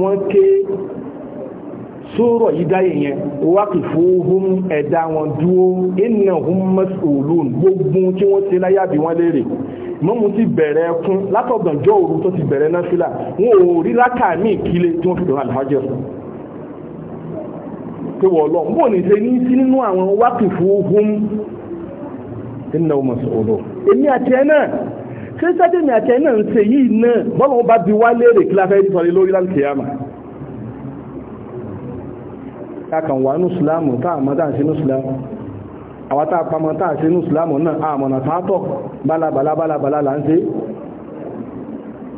wọ́n ké sóòrọ̀ yìí dáyé yẹn waqifuhum ẹ̀dá wọn dúó innahum mas'ulun gbogbo tí wọ́n ṣe láyà bí wọ́n léèrè mọ́mú ti bẹ̀rẹ̀ ẹkún látọ̀gànjọ́ òru tó ti bẹ̀rẹ̀ náà sílà wọn ò rí lákà ní ìkílé tí wọ́n fi dọ̀rọ̀ àlùfájọ́ pé wọ́n lọ bó ní ṣe ní sí nínú àwọn waqifuhum innahum mas'ulun èmi àti ẹ náà kírísítẹ́tì ní àtẹ náà ń ṣe yìí náà bọ́lá wọn bá bi wá léèrè kí la fẹ́ sọ̀rọ̀ lórí láti kìyàmà kákan wà ní ìsìlámù tá àmọ́ tá à ń ṣe ní ìsìlámù àwọn tá a pamọ́ tá à ń ṣe ní ìsìlámù náà àmọ̀nà tààtọ̀ bálabàlá bálabàlá là ń ṣe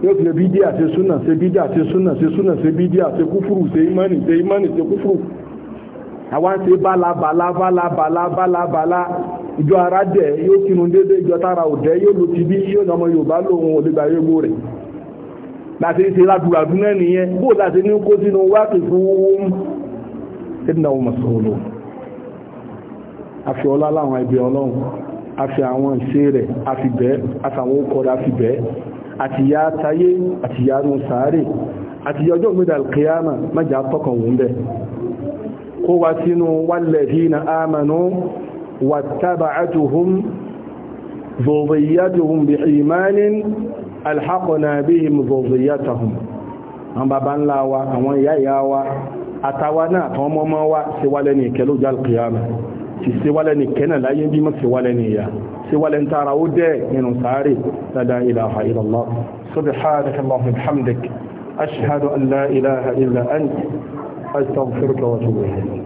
yóò fi bídí àti súnà ṣe bídí àti súnà ṣe súnà ṣe bídí àti kúfúrú ṣe ìmánì ṣe ìmánì ṣe kúfúrú àwọn ṣe bálabàlá bálabàlá bálabàlá ìjọ ara dẹ̀ yóò kinu déédéé ìjọ tára ò dẹ́ yóò lo ti bí yóò nà ọmọ Yorùbá lòun òdìgbà yóò rẹ̀ láti ṣe ládùúgbàdú náà nìyẹn bó láti ní kó sínú wákì fún wọn ẹ̀dínà wọn mọ̀sọ̀rọ̀ àfi ọlá láwọn ẹbí ọlọ́run àfi àwọn ìṣe rẹ̀ àfi bẹ́ẹ̀ àtàwọn okọ̀ rẹ̀ àfi bẹ́ẹ̀ àti ya tayé àti ya nù sáré àti ọjọ́ ìgbéda alkiyama mẹ́jà tọkàn wọn bẹ́ẹ̀ kó wá sínú wal ladina amanu واتبعتهم ذريتهم بإيمان الحقنا بهم ذريتهم أمبابا لاوا أمون يأياوا أتوانا تومموا سوالني كلو جال قيامة سوالني كنا لا ينجم سوالني سوالن تراود من ساري لا إله إلا الله سبحانك الله بحمدك أشهد أن لا إله إلا أنت أستغفرك وأتوب إليك